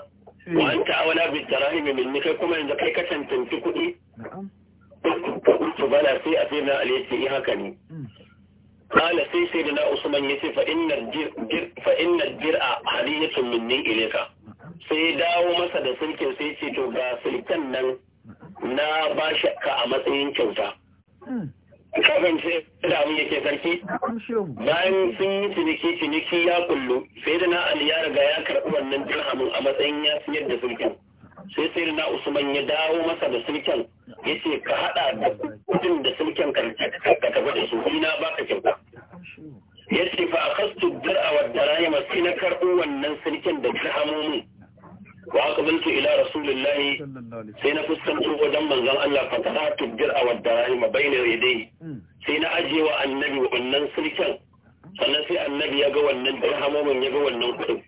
wa an ta'awala bi tarahim min kai kuma yanzu kai ka cancanci kuɗi to bala sai a sai na aliyati eh, haka ne sai-sai da عثمان يسي فإن الجر فإن الجرأة هدية مني ileka. sai dawo masa da sulkin sai ce to ga sulkan nan na ba shi ka a matsayin kyauta Kafin sai da mu yake sarki bayan sun yi ciniki ciniki ya kullu sai da na ali ya riga ya karɓi wannan dirhamin a matsayin ya siyar da sulkin sai sai da na usman ya dawo masa da sulkin ya ce ka haɗa da kudin da sulkin ka tafi da su ni na baka kyauta ya ce fa a kastu dir'a raya rayu masu na karɓi wannan sulkin da dirhamomi. wa bintu ila rasulullahi sai na fuskanto wajen manzon Allah fa ta tubdir a wadda rahima bayna yadayhi hmm. sai na aje wa annabi wannan sulkin sannan sai annabi ya ga wannan dirhamomin ya ga wannan kudin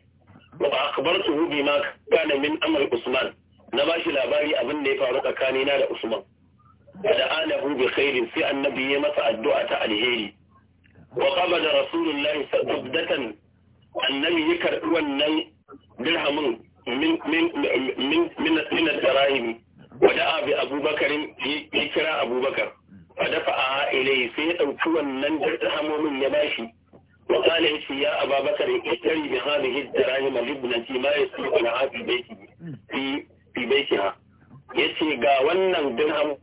wa akhbartu hu bima kana min amr usman na bashi labari abin da ya faru tsakanina da usman da anahu bi khairin sai annabi ya masa addu'a ta alheri wa qabala rasulullahi sabdatan annabi ya karbi wannan dirhamin min من min min min al-darahim wada'a bi Abubakar ya kira Abubakar fa dafa'a ilayhi sai wannan dirhamomin ya bashi wa qala yace ya Abubakar ikhtari bi hadhihi ad-darahim libnati ma yasluhu laha fi ga wannan dirham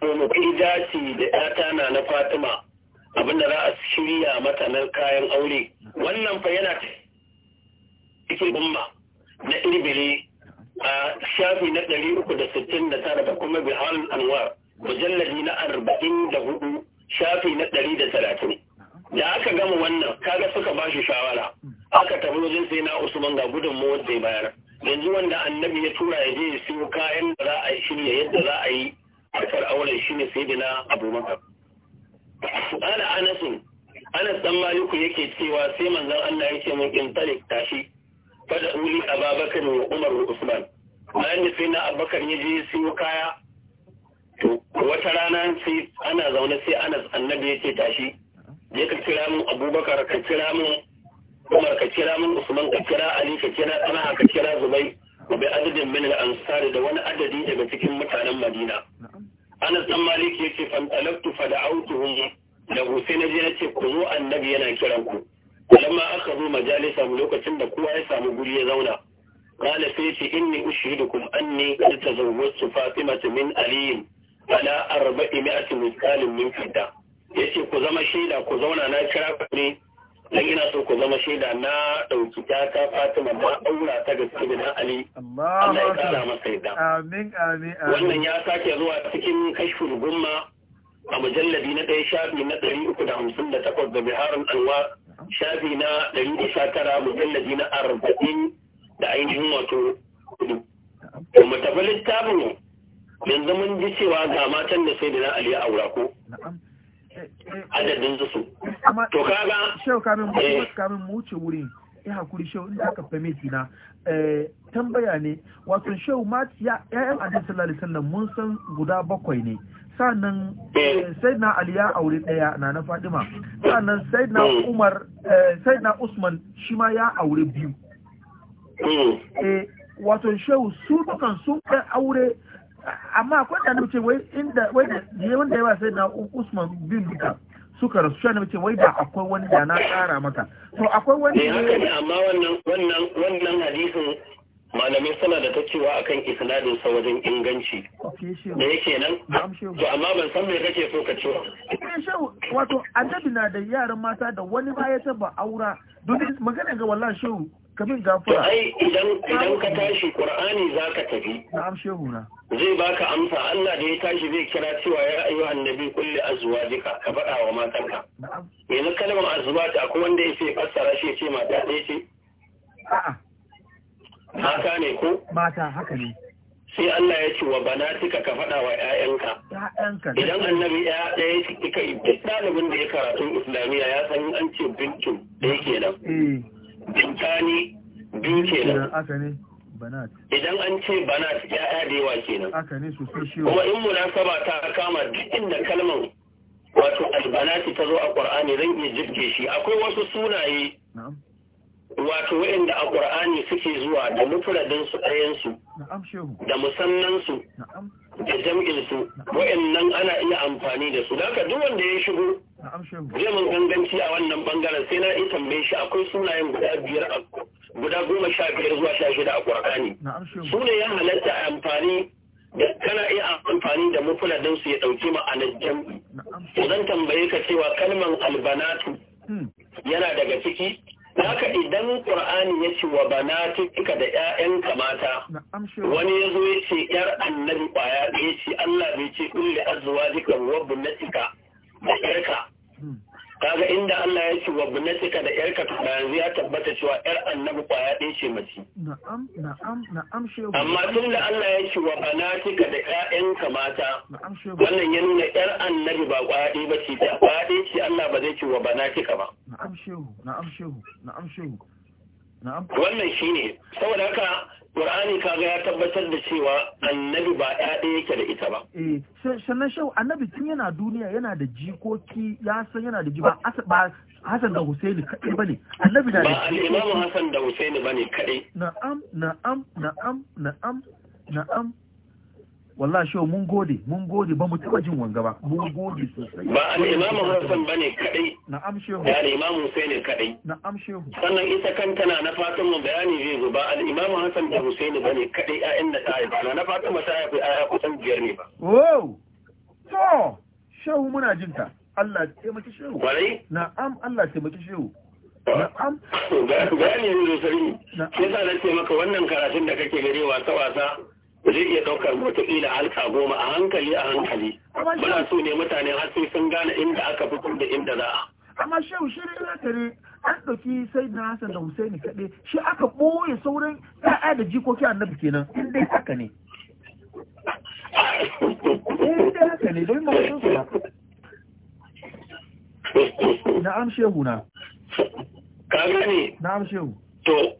ko mu kai da yata na na Fatima abinda za a shirya mata na kayan aure wannan fa yana cikin umma na irbili a shafi na ɗari uku da sittin da tara da kuma anwar mujalladi na arba'in da hudu shafi na ɗari da talatin da aka gama wannan kaga suka ba shi shawara aka tafi wajen sai na usman ga mu wanda ya bayar yanzu wanda annabi ya tura ya je ya siyo kayan da za a shirya yadda za a yi kar aure shine sai da na abubakar ana anasin anas dan ku yake cewa sai manzon Allah yake mun in talik tashi fada uli ababakar ne umar da usman bayan da sai na abubakar ya je siyo kaya to wata rana sai ana zaune sai anas annabi yake tashi je ka kira mun abubakar ka kira mun umar ka kira mun usman ka kira ali ka kira ana ka kira zubai wa bi adadin min al-ansar da wani adadi daga cikin mutanen madina Anas dan Malik yace fa da fa da'awtuhum da sai na je nace ku zo annabi yana kiran ku lamma aka zo majalisa mu lokacin da kowa ya samu guri ya zauna sai قال سيتي إني أشهدكم أني قد تزوجت فاطمة a علي على أربعمائة min min Ya yace ku zama shaida ku zauna na kira ku ne dan ina so ku zama shaida na ɗauki ta Fatima ma aura ta ga Sayyidina Ali Allah ya kara masa yadda amin amin wannan ya sake zuwa cikin kashful gumma a mujalladi na ɗaya shafi na ɗari uku da hamsin da takwas da biharin alwa shafi na ɗari da tara mujalladi na arba'in da ainihin wato kudu to mu tafi littafin yanzu mun ji cewa ga matan da sai da na Ali aura ko adadin su to kaga shau kamin mu eh. kamin mu wuce wurin ya hakuri shau inda aka permit na eh, tambaya ne wato shau ma ya ƴaƴan annabi sallallahu alaihi wasallam mun san guda bakwai ne sannan eh. sayyidina ali ya aure daya na na fadima sannan sayyidina umar sayyidina usman shi ma ya aure biyu eh wato shau su dukan sun kai aure amma akwai da nace wai inda wai da je wanda ya ba sai na Usman bin Bika suka rasu shi mace wai da akwai wani da na tsara maka to akwai wani eh, ne amma wannan wannan wannan hadisin malamai suna da ta cewa akan isnadin sa wajen inganci da yake nan to amma ban san me kake so ka ce eh, wato annabi na da yaran mata da wani ba ya taba aura don magana ga wallahi shehu kamin gafara ai idan idan ka tashi qur'ani zaka tafi na'am shehu na zai baka amsa Allah da ya tashi zai kira cewa ya ayu annabi kulli azwajika ka faɗa wa matanka yanzu kalmar azwaj akwai wanda yake fassara shi ce mata ɗaya ce a'a mata ne ko mata haka ne sai Allah ya ce wa banatika ka faɗa wa ƴaƴanka idan annabi ya ɗaya ya ce duk ɗalibin da ya karatu islamiyya ya san an ce bintu da yake nan eh. Bintani biyu kenan. nan Idan an ce banat ya'ya da yawa kenan. Kuma in munasaba ta kama duk inda kalmar wato albanati ta zo a ƙwar'ani zan iya jirge shi. Akwai wasu sunaye. Wato waɗanda a ƙwar'ani suke zuwa da mutuladinsu ɗayensu Da musannansu da jam'in su wa'annan ana iya amfani da su daga duk wanda ya shigo zai ganganci a wannan bangaren sai na iya tambaye shi akwai sunayen guda biyar guda goma sha biyar zuwa sha shida a ƙwarƙani su ne ya halatta amfani da kana iya amfani da mufuladin su ya ɗauki ma'anar jam'i zan tambaye ka cewa kalman albanatu hmm. yana daga ciki haka idan ƙur'ani ya ce wa banatika da 'ya'yanka mata wani ya zo ya ce yar annabi ƙwaya ya ce Allah bai ce kulli azwajika wa bunatika da yarka hmm. kaga inda Allah ya ce na cika da yarka ta yanzu ya tabbata cewa yar annabi kwaya ɗin ce mace na'am na'am na'am shehu amma da Allah ya ce na cika da ƴaƴanka mata wannan ya nuna yar annabi ba kwaya ɗin ba ce ta kwaya ɗin ce Allah ba zai ce wa cika ba na'am shehu na'am shehu na'am shehu na'am wannan shine saboda haka Qur'ani kaga ya tabbatar da cewa annabi ba ya ɗaya yake da ita ba. Eh, sannan shau annabi tun yana duniya yana da jikoki ya san yana da jiba ba Hassan da Husaini kaɗai ba ne. Annabi na da jikoki. Ba al'imamu Hassan da Husaini ba ne kaɗai. Na'am, na'am, na'am, na'am, na'am. wallah shi mun gode mun gode ba mu taba jin wanga ba mun gode sosai ba al-imamu Hassan bane kadai na'am shehu da al-imamu Husaini kadai na'am shehu sannan ita kanta na na fatan mu bayani zai zo ba al-imamu Hassan da Husaini bane kadai ƴaƴan da ta haifa na fatan mu ta haifa ƴaƴa kusan biyar ne ba wow oh! to shehu muna jin ta Allah ya taimaki shehu kwarai na'am Allah ya taimaki shehu na'am ga ne zo sarki yasa na ce maka wannan karatun da kake garewa wasa wasa zai iya ɗaukar wataƙila alka goma a hankali a hankali muna so ne mutane har sai sun gane inda aka fi da inda za a amma shehu shirin tare an ɗauki sai da hassan da husaini kaɗai shi aka ɓoye sauran ya'ya da jikoki annabi kenan in dai haka ne in dai haka ne don su na'am shehu na ka gane na'am shehu to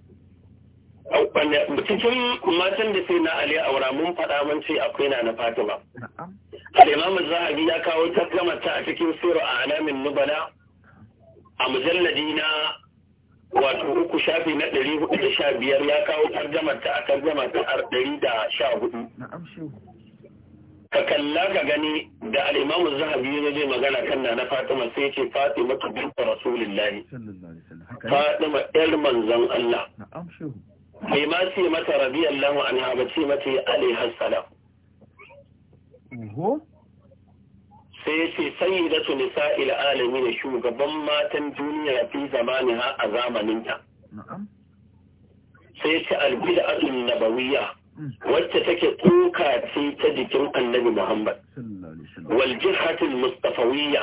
cikin matan da sai na Ali aura mun faɗa mun ce akwai na na Fatima. al Zahabi ya kawo tarjama ta a cikin Sura Alamin Nubala a mujalladi na wato uku shafi na ɗari hudu da sha biyar ya kawo tarjama ta a tarjama ta ɗari da sha hudu. Ka kalla ka gani da al Zahabi ya zai magana kan na Fatima sai ya ce Fatima ta bin Rasulullahi. Fatima ƴar manzon Allah. bai ma ce mata radiyallahu anha ba ce mata alaihi salam sai ya ce sanyi da su nisa da shugaban matan duniya fi zamani ha a zamaninta sai ya ce albida atun nabawiya mm. wacce take tsoka ce ta jikin annabi muhammad wal jihatul mustafawiyya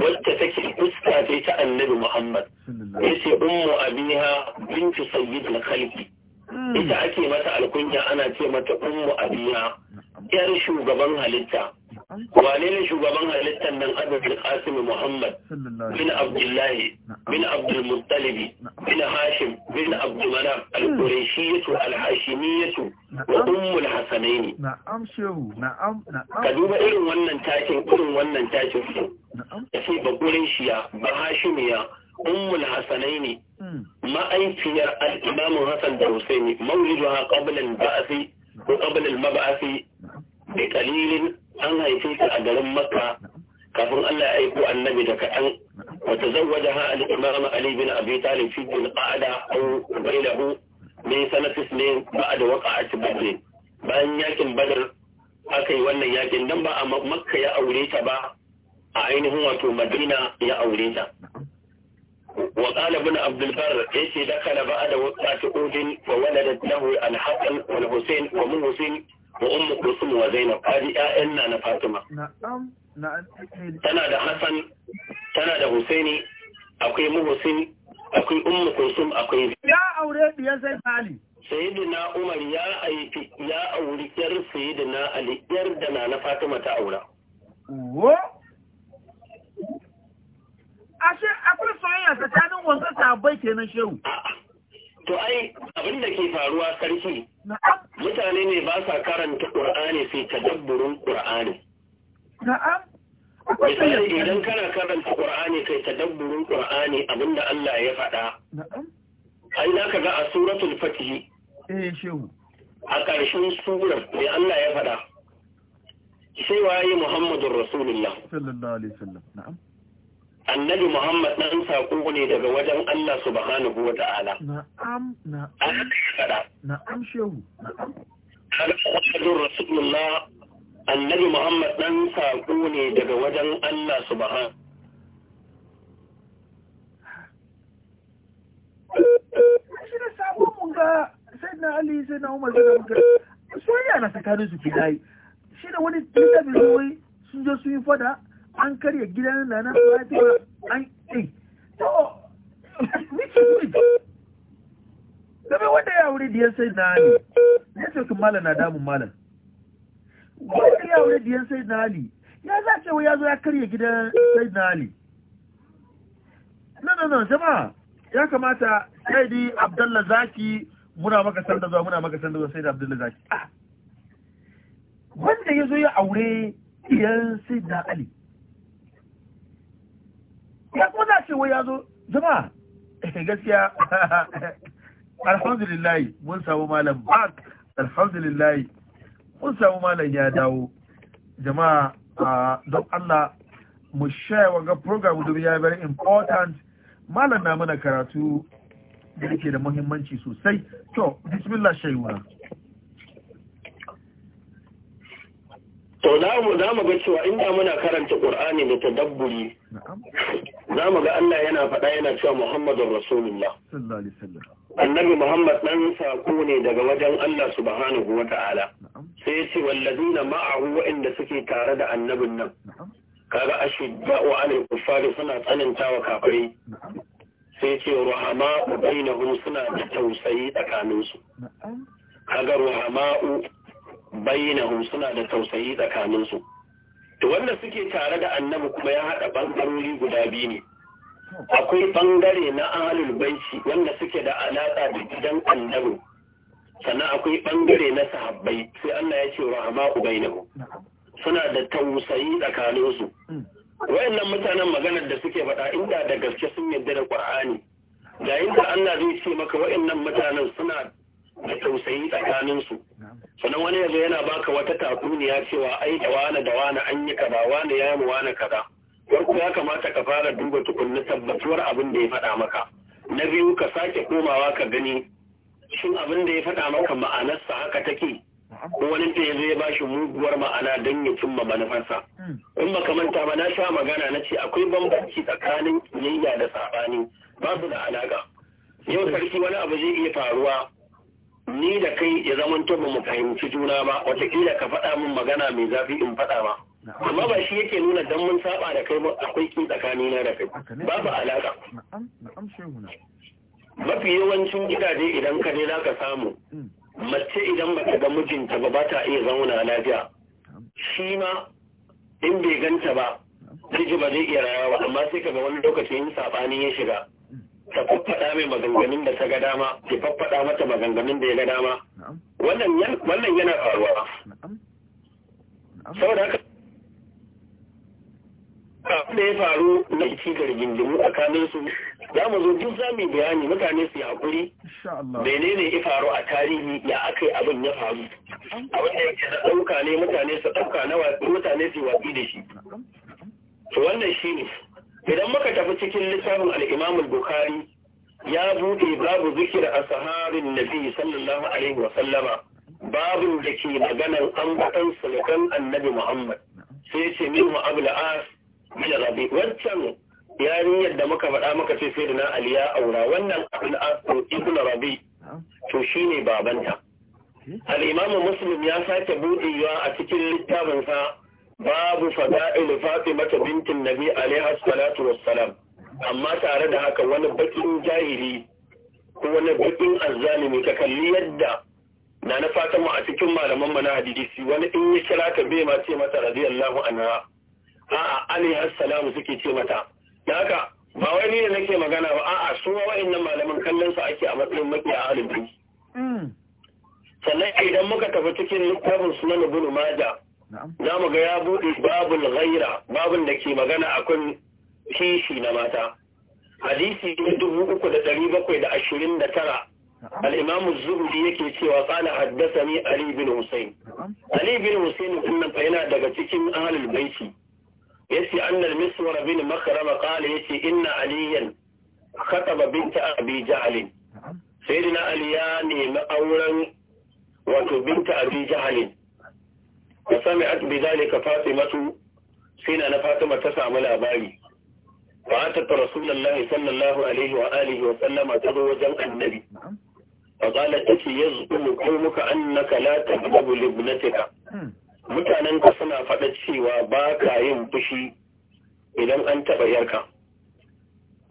wacce take fuska ce ta annabi muhammad Sai ce ummu abiha bintu sayyid na khalqi ita ake mata alkunya ana ce mata ummu abiya yar shugaban halitta wane ne shugaban halittar nan abdul qasim muhammad bin abdullahi bin abdul bin hashim bin Abdulmanaf, manaf al qurayshiyatu al hashimiyatu wa ummu ka duba irin wannan takin irin wannan takin su ce ba qurayshiya ba hashimiya ummul hasanaini hmm. ma'aikiyar al imam hasan da husaini mawliduha qabla al-ba'thi ko qabla al-mab'athi bi qalilin an haife ta a garin makka kafin Allah ya aiko annabi da kaɗan wa tazawwajaha al-imam ali bin abi talib fi al-qa'da aw bainahu bi sanati isnin ba'da waqa'at badr bayan yakin badr aka yi wannan yakin dan ba a makka ya aure ta ba a ainihin wato madina ya aure ta وقال ابن عبد البر ايش دخل بعد وقعة عود فولدت له الحسن والحسين ومنهسين وام كلثوم وزينب هذه ائنا انا فاطمه نعم نعم تنا ده حسن تنا ده حسيني akwai muhusin akwai ummu kulsum akwai ya aure diyar sai ali sayyidina umar ya aiki ya auri yar sayyidina ali yar da na fatima ta aura ashe akwai soyayya tsakanin wanga sabai kenan shehu to ai abin da ke faruwa sarki mutane ne ba sa karanta Kur'ani sai ta qur'ani Kur'ani. misali idan kana karanta Kur'ani kai ta Kur'ani, abin da Allah ya faɗa ai na ga a suratul fatihi eh shehu a ƙarshen surar mai Allah ya faɗa sai waye Muhammadu Rasulullah sallallahu alaihi wasallam na'am annabi Muhammad ɗan saƙo ne daga wajen Allah subhanahu wa ta'ala. Na'am, na'am. An haka ya faɗa. Na'am shehu, na'am. Kada Muhammadun Rasulullah annabi Muhammad ɗan saƙo ne daga wajen Allah subhanahu. Shi da saƙo mun sai na Ali sai na Umar sai na Mugar. Soyayya na tsakanin su ke dai. Shi da wani tattabi sun je sun yi fada an karya gidan da na fatima an yi eh. to which zama wanda ya wuri diyan sai na ali ne ce kun malam na damun malam wanda ya wuri diyan sai na ali ya za ce ya zo ya karya gidan sai na ali no no no jama'a ya kamata sai di abdalla zaki muna maka sanda zuwa muna maka sanda zuwa sai da abdalla zaki ah. wanda ya zo ya aure diyan sai na ali ya kuma ce wai ya zo jama'a eh, gaskiya alhamdulillah mun samu malam bak alhamdulillah mun samu malam ya dawo jama'a don Allah mu share wanga program da ya very important malam na mana karatu da yake da muhimmanci sosai to bismillah shayuna To za mu ga cewa inda muna karanta Qur'ani da tadabburi za mu ga Allah yana faɗa yana cewa Muhammadun Rasulullah. Annabi Muhammad ɗan sako ne daga wajen Allah subhanahu wa ta'ala. Sai ya ce na ma'ahu waɗanda suke tare da annabin nan. Kaga ashidda wa alal suna tsananta wa kafirai. Sai ya ce ruhama'u bainahum suna da tausayi tsakaninsu. Kaga ruhama'u bainahum suna da tausayi tsakaninsu to wanda suke tare da annabi kuma ya haɗa ɓangarori guda biyu ne akwai ɓangare na ahalul baiti wanda suke da alaƙa da gidan annabi sannan akwai ɓangare na sahabbai sai Allah ya ce rahama bainahu suna da tausayi tsakaninsu wayannan mutanen maganar da suke faɗa inda da gaske sun yarda da Qur'ani da inda Allah zai ce maka wayannan mutanen suna da tausayi tsakanin su sannan wani yanzu yana baka wata takuniya cewa ai da wane da wane an yi kaza wane ya mu wane kaza farko ya kamata ka fara duba tukunna tabbatuwar abin da ya faɗa maka na biyu ka sake komawa ka gani shin abin da ya faɗa maka ma'anarsa haka take ko wani da ya ya bashi muguwar ma'ana don ya cimma manufarsa hmm. in ka manta ba na sha magana na ce akwai bambanci tsakanin kiyayya da sabani, babu da alaƙa yau sarki wani abu zai iya faruwa ni da kai ya zamanto ba mu fahimci juna ba wataƙila ka faɗa min magana mai zafi in faɗa ba amma ba shi yake nuna dan mun saba da kai ba akwai kin tsakani na da kai babu alaka mafi yawancin gidaje idan ka je zaka samu mm. mace idan ba ta ga mijinta ba ba ta iya zauna lafiya shi ma in bai ganta ba zai ba zai iya rayuwa amma sai ka ga wani lokacin sabani ya shiga ta faffaɗa mai maganganun da ta ga dama ta faffaɗa mata maganganun da ya ga dama wannan yana faruwa saboda haka da ya faru na ci da a tsakanin su za mu zo duk za mu bayani mutane su yi hakuri menene ya faru a tarihi ya yi abin ya faru a wanda yake da ɗauka ne mutane su ɗauka na mutane su yi watsi da shi wannan shi ne idan muka tafi cikin littafin al-Imam bukhari ya bude babu zikir asharin nabi sallallahu alaihi wa sallama babin da ke maganar ambatan sulukan annabi Muhammad sai ce min wa as bin rabi wancan yarinyar da muka faɗa muka ce sai da na aliya aura wannan abul as to ibn rabi to shine babanta al-imamu muslim ya sake budewa a cikin littafinsa babu fada'il Fatima bintin Nabi alaihi salatu wassalam amma tare da haka wani bakin jahili ko wani bakin azzalimi ka kalli yadda na na Fatima a cikin malaman na hadisi wani in ya kira ka bai ma ce mata radiyallahu anha a'a alaihi salamu suke ce mata da haka ba wai ni ne nake magana ba a'a su wa'annan malaman kallon su ake a matsayin makiya ahlul hmm. sannan idan muka tafi cikin littafin sunan ibn majah za mu ga ya buɗe babul ghaira babun da ke magana akan kishi na mata hadisi na dubu uku da ɗari bakwai da ashirin da tara الإمام الزبدي يكي سوى قال حدثني علي بن حسين علي بن حسين إن فينا دقتكم أهل البيت يسي أن المسور بن مخرم قال يسي إن عليا خطب بنت أبي جعل سيدنا علي يعني مأولا وتو بنت أبي جعل wa sami'at bi zalika fatimatu sai na fatima ta samu labari fa atat rasulullahi sallallahu alaihi wa alihi wa sallama ta zo wajen annabi fa qalat tace yazqulu qaumuka annaka la tadhabu li ibnatika hmm. mutanen ka suna faɗa cewa ba ka yin fushi idan an taɓa yarka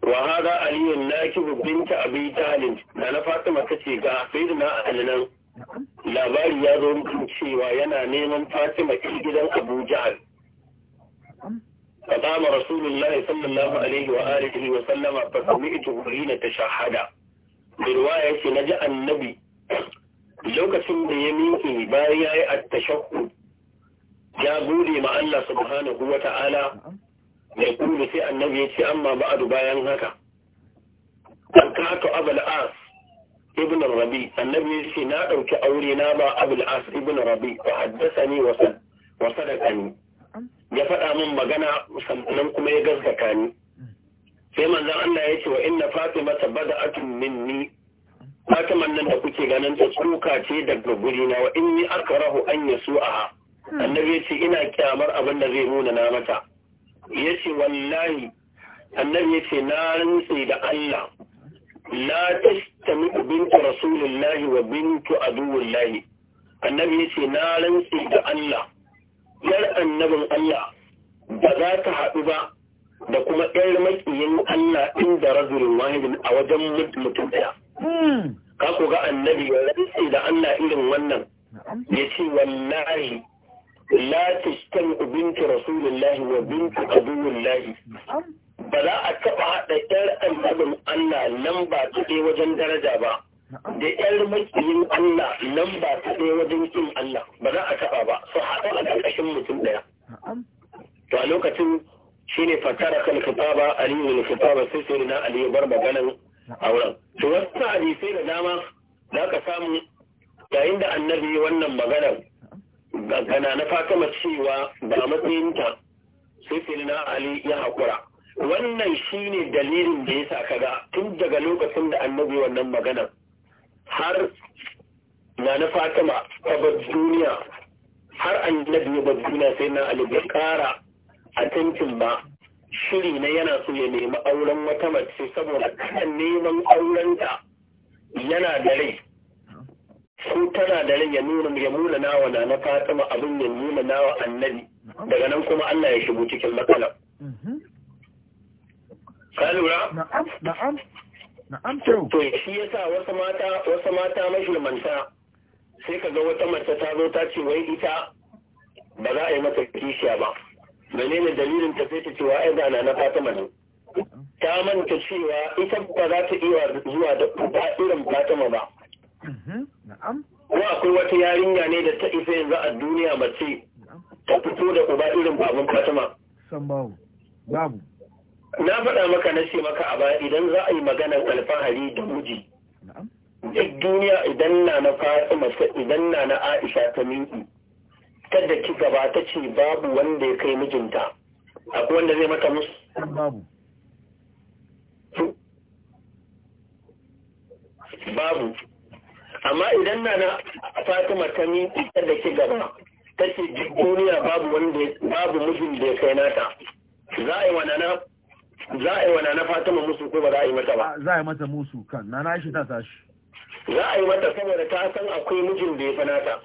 wa hada aliyun nakibu binta abi talib da na fatima tace ga sayyidina ali nan labari ya zo mutum cewa yana neman fatima ɗin gidan abu jahal فقام رسول الله صلى الله عليه وآله hada. birwa ya ce na ji annabi. lokacin da ya miƙe bayan ya yi attashakku ya gode ma Allah subhanahu wa ta'ala mai kuma sai annabi ya ce amma ba'adu bayan haka an kato abal as ibn rabi annabi ya ce na ɗauki aure na ba abul Ibnu ibn rabi wa haddasa ni wasa sadaka ni ya faɗa min magana sannan kuma ya gaskata ni sai manzon Allah ya ce wa inna fatima tabada'atun ni? Fatima nan da kuke ganin ta tsoka ce daga gurina wa inni akrahu an yasu'aha annabi ya ce ina kyamar abin da zai nuna na mata ya ce wallahi annabi ya ce na rantse da Allah la tastami bintu rasulillahi wa bintu aduwillahi annabi ce na rantsi ga Allah yar annabin Allah ba za ta haɗu ba da kuma ɗayar makiyin Allah inda rajulun wahidin a wajen mutum ɗaya hmm. ka ku ga annabi ya rantsi da Allah irin wannan ya ce wallahi la tastami bintu rasulillahi wa bintu aduwillahi ba za a taɓa haɗa ƴar annabin Allah nan ba ta ɗaya wajen daraja ba. Da ƴar makiyin Allah nan ba ta ɗaya wajen kin Allah ba za a taɓa ba su haɗu a ƙarƙashin mutum ɗaya. To a lokacin shi ne fatara kan kitaba aliyu ne ba sai sai na aliyu bar maganan auren. To wasu hadisai da dama za ka samu yayin da annabi wannan maganar gana na fatima cewa ba matsayinta sai sai na ali ya haƙura wannan shine dalilin da yasa kaga tun daga lokacin da annabi wannan magana har na na Fatima ta bar duniya har annabi ya bar duniya sai na Ali bai kara tantin ba shiri na yana so ya nemi auren wata mace saboda kan neman aurenta yana da rai ko tana da rai ya nuna ya nuna nawa na na Fatima abin ya nuna nawa annabi daga nan kuma Allah ya shigo cikin matsala mm-hmm. ka lura na'am na'am na'am to shi yasa wasu mata wasu mata mashirmanta sai ka ga wata mace ta zo ta ce wai ita ba za a yi mata kishiya ba menene dalilin ta sai ta ce wa ai na Fatima ne ta manta cewa ita ba za ta iya zuwa da ba irin Fatima ba mm-hmm, ko akwai wata yarinya ne da ta isa yanzu a duniya mace ta fito da uba irin baban Fatima san babu babu na faɗa maka na ce maka a baya idan za a yi maganar alfahari da muji duk duniya idan na na fatima idan na na aisha ta miƙi ta da ki gaba ta ce babu wanda ya kai mijinta akwai wanda zai mata musu babu babu amma idan na na fatima ta miƙi ta da ki gaba ta ce duk duniya babu wanda babu mijin da ya kai nata za a yi wa na za a yi wa na fatima musu ko ba za a yi mata ba za a yi mata musu kan na na shi ta tashi za a yi mata saboda ta san akwai mijin da ya fi nata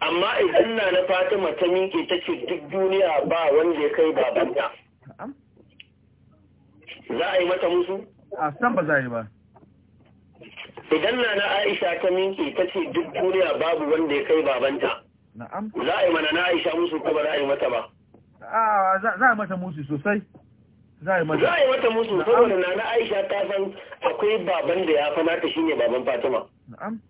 amma idan na na fatima ta miƙe ta ce duk duniya ba wanda ya kai babanta za a yi mata musu a san ba za a yi ba idan na na aisha ta miƙe ta ce duk duniya babu wanda ya kai babanta za a yi mana na aisha musu ko ba za a yi mata ba a za a mata musu sosai za a yi mata musu saboda na aisha ta san akwai baban da ya fa nata shine baban fatima na'am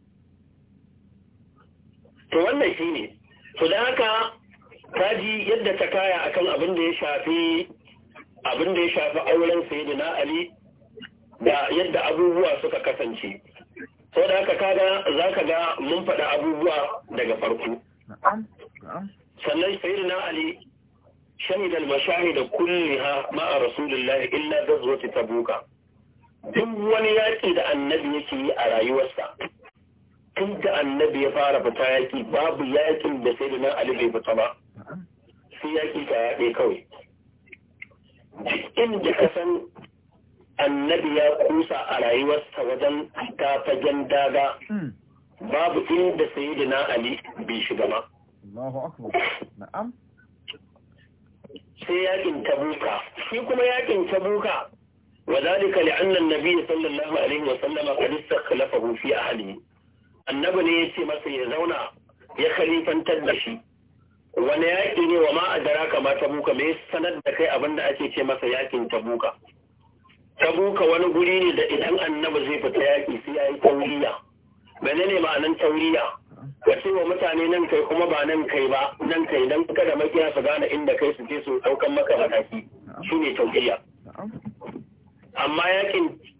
to wannan shine to da haka ta ji yadda ta kaya akan abin da ya shafi abin da ya shafi auren na ali da yadda abubuwa suka kasance sau da haka kaga za ka ga mun faɗa abubuwa daga farko sannan na ali شهد المشاهد كلها مع رسول الله إلا غزوة تبوك duk wani yaƙi da annabi yake yi a rayuwarsa tun da annabi ya fara fita yaƙi babu yaƙin da sai da nan ali bai fita ba sai yaƙi ta yaɗe kawai duk da ka san annabi ya kusa a rayuwarsa wajen ta fagen daga babu inda sai da na ali bai shiga ba sai yakin tabuka shi kuma yakin tabuka wa zalika li anna an-nabiy sallallahu alaihi wa sallama qad istakhlafahu fi ahlihi annabi ne yace masa ya zauna ya khalifantar da shi wani yaƙi ne wa ma a ta buka? tabuka me sanar da kai abinda ake ce masa yakin tabuka tabuka wani guri ne da idan annabi zai fita yaƙi sai ya yi tauriya menene ma'anan tauriya ka ce wa mutane nan kai kuma ba nan kai ba nan kai dan kada makiya su gane inda kai su je su daukan maka mataki ne tauhiyya amma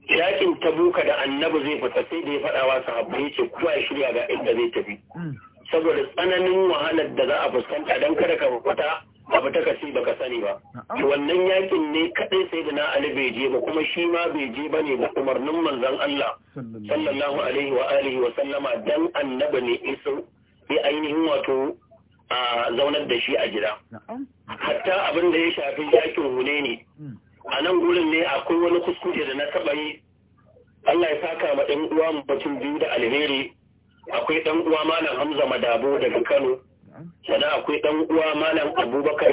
yakin ta buka da annabi zai fita sai da ya faɗa wa sahabbai yace kowa ya shirya ga inda zai tafi mm. saboda tsananin wahalar da za a fuskanta dan kada ka fita abu ta kasi baka sani ba wannan yakin ne kadai sai da na ali bai je ba kuma shi ma bai je ba ne ba umarnin manzon Allah sallallahu alaihi wa alihi wa sallama dan annaba ne iso ya ainihin wato a zaunar da shi a gida hatta abin da ya shafi yakin hune ne hmm. a nan gurin ne akwai wani kuskure da na taba yi Allah ya saka ma ɗan uwa mutum biyu da alheri akwai ɗan uwa malam Hamza Madabo daga Kano sannan akwai ɗan uwa malam abubakar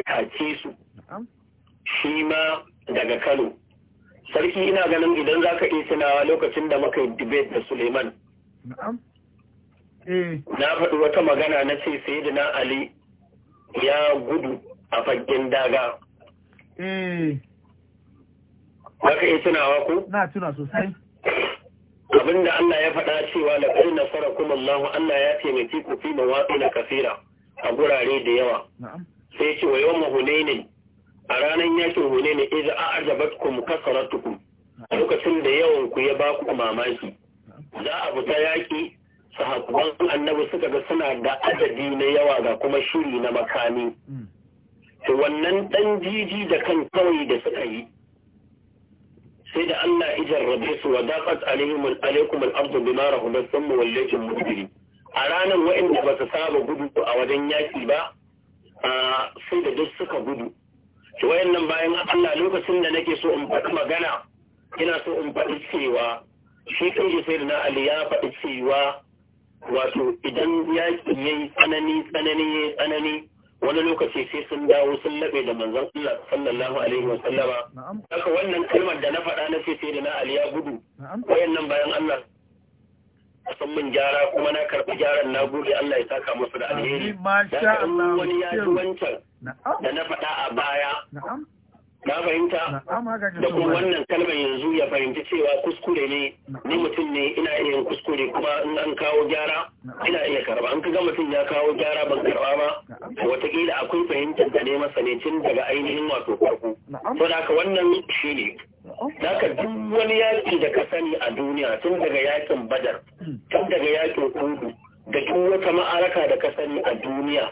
su. shi ma daga kano sarki ina ganin idan za ka iya tunawa lokacin da muka yi debate da suleiman eh. na faɗi wata magana na ce sai da na ali ya gudu a fagen daga eh. za ka iya tunawa ko? na tuna sosai abinda Allah ya faɗa cewa da kai nasara kuma Allah Allah ya taimaki ku fi mawaƙi na kafira a gurare da yawa sai ce wa yawma hunainin a ranar yakin hunainin idza a'jabatkum kasaratukum a lokacin da yawan ku ya ba ku mamaki za a fita yaki sahabban annabi suka ga suna da adadi na yawa ga kuma shiri na makami mm. to wannan dan jiji da kan kawai da suka yi sai da Allah ijar rabe su wa daqat alaikum al-ardu bima rahabat mu wallaytum a ranar waɗanda ba su saba gudu a wajen yaƙi ba sai da duk suka gudu wayannan bayan Allah lokacin da nake so in faɗi magana ina so in faɗi cewa shi kanshi sai na Ali ya faɗi cewa wato idan yaƙi ya tsanani tsanani ya tsanani wani lokaci sai sun dawo sun laɓe da manzon Allah sallallahu alaihi wa sallama haka wannan kalmar da na faɗa na ce sai da na Ali ya gudu wayannan bayan Allah san min gyara kuma na karɓi gyaran na gobe, Allah ya saka musu da alheri da wani ya ji wancan da na faɗa a baya na fahimta da kuma wannan kalmar yanzu ya fahimci cewa kuskure ne ni mutum ne ina iya yin kuskure kuma in an kawo gyara ina iya karba an kaga mutum ya kawo gyara ban karba ba wataƙila akwai fahimtar da ne masanicin daga ainihin wato farko to haka wannan shi ne Daka duk wani yaƙi da ka sani a duniya tun daga yaƙin badar, tun daga yaƙin kundu, da duk wata ma'araka da ka sani a duniya.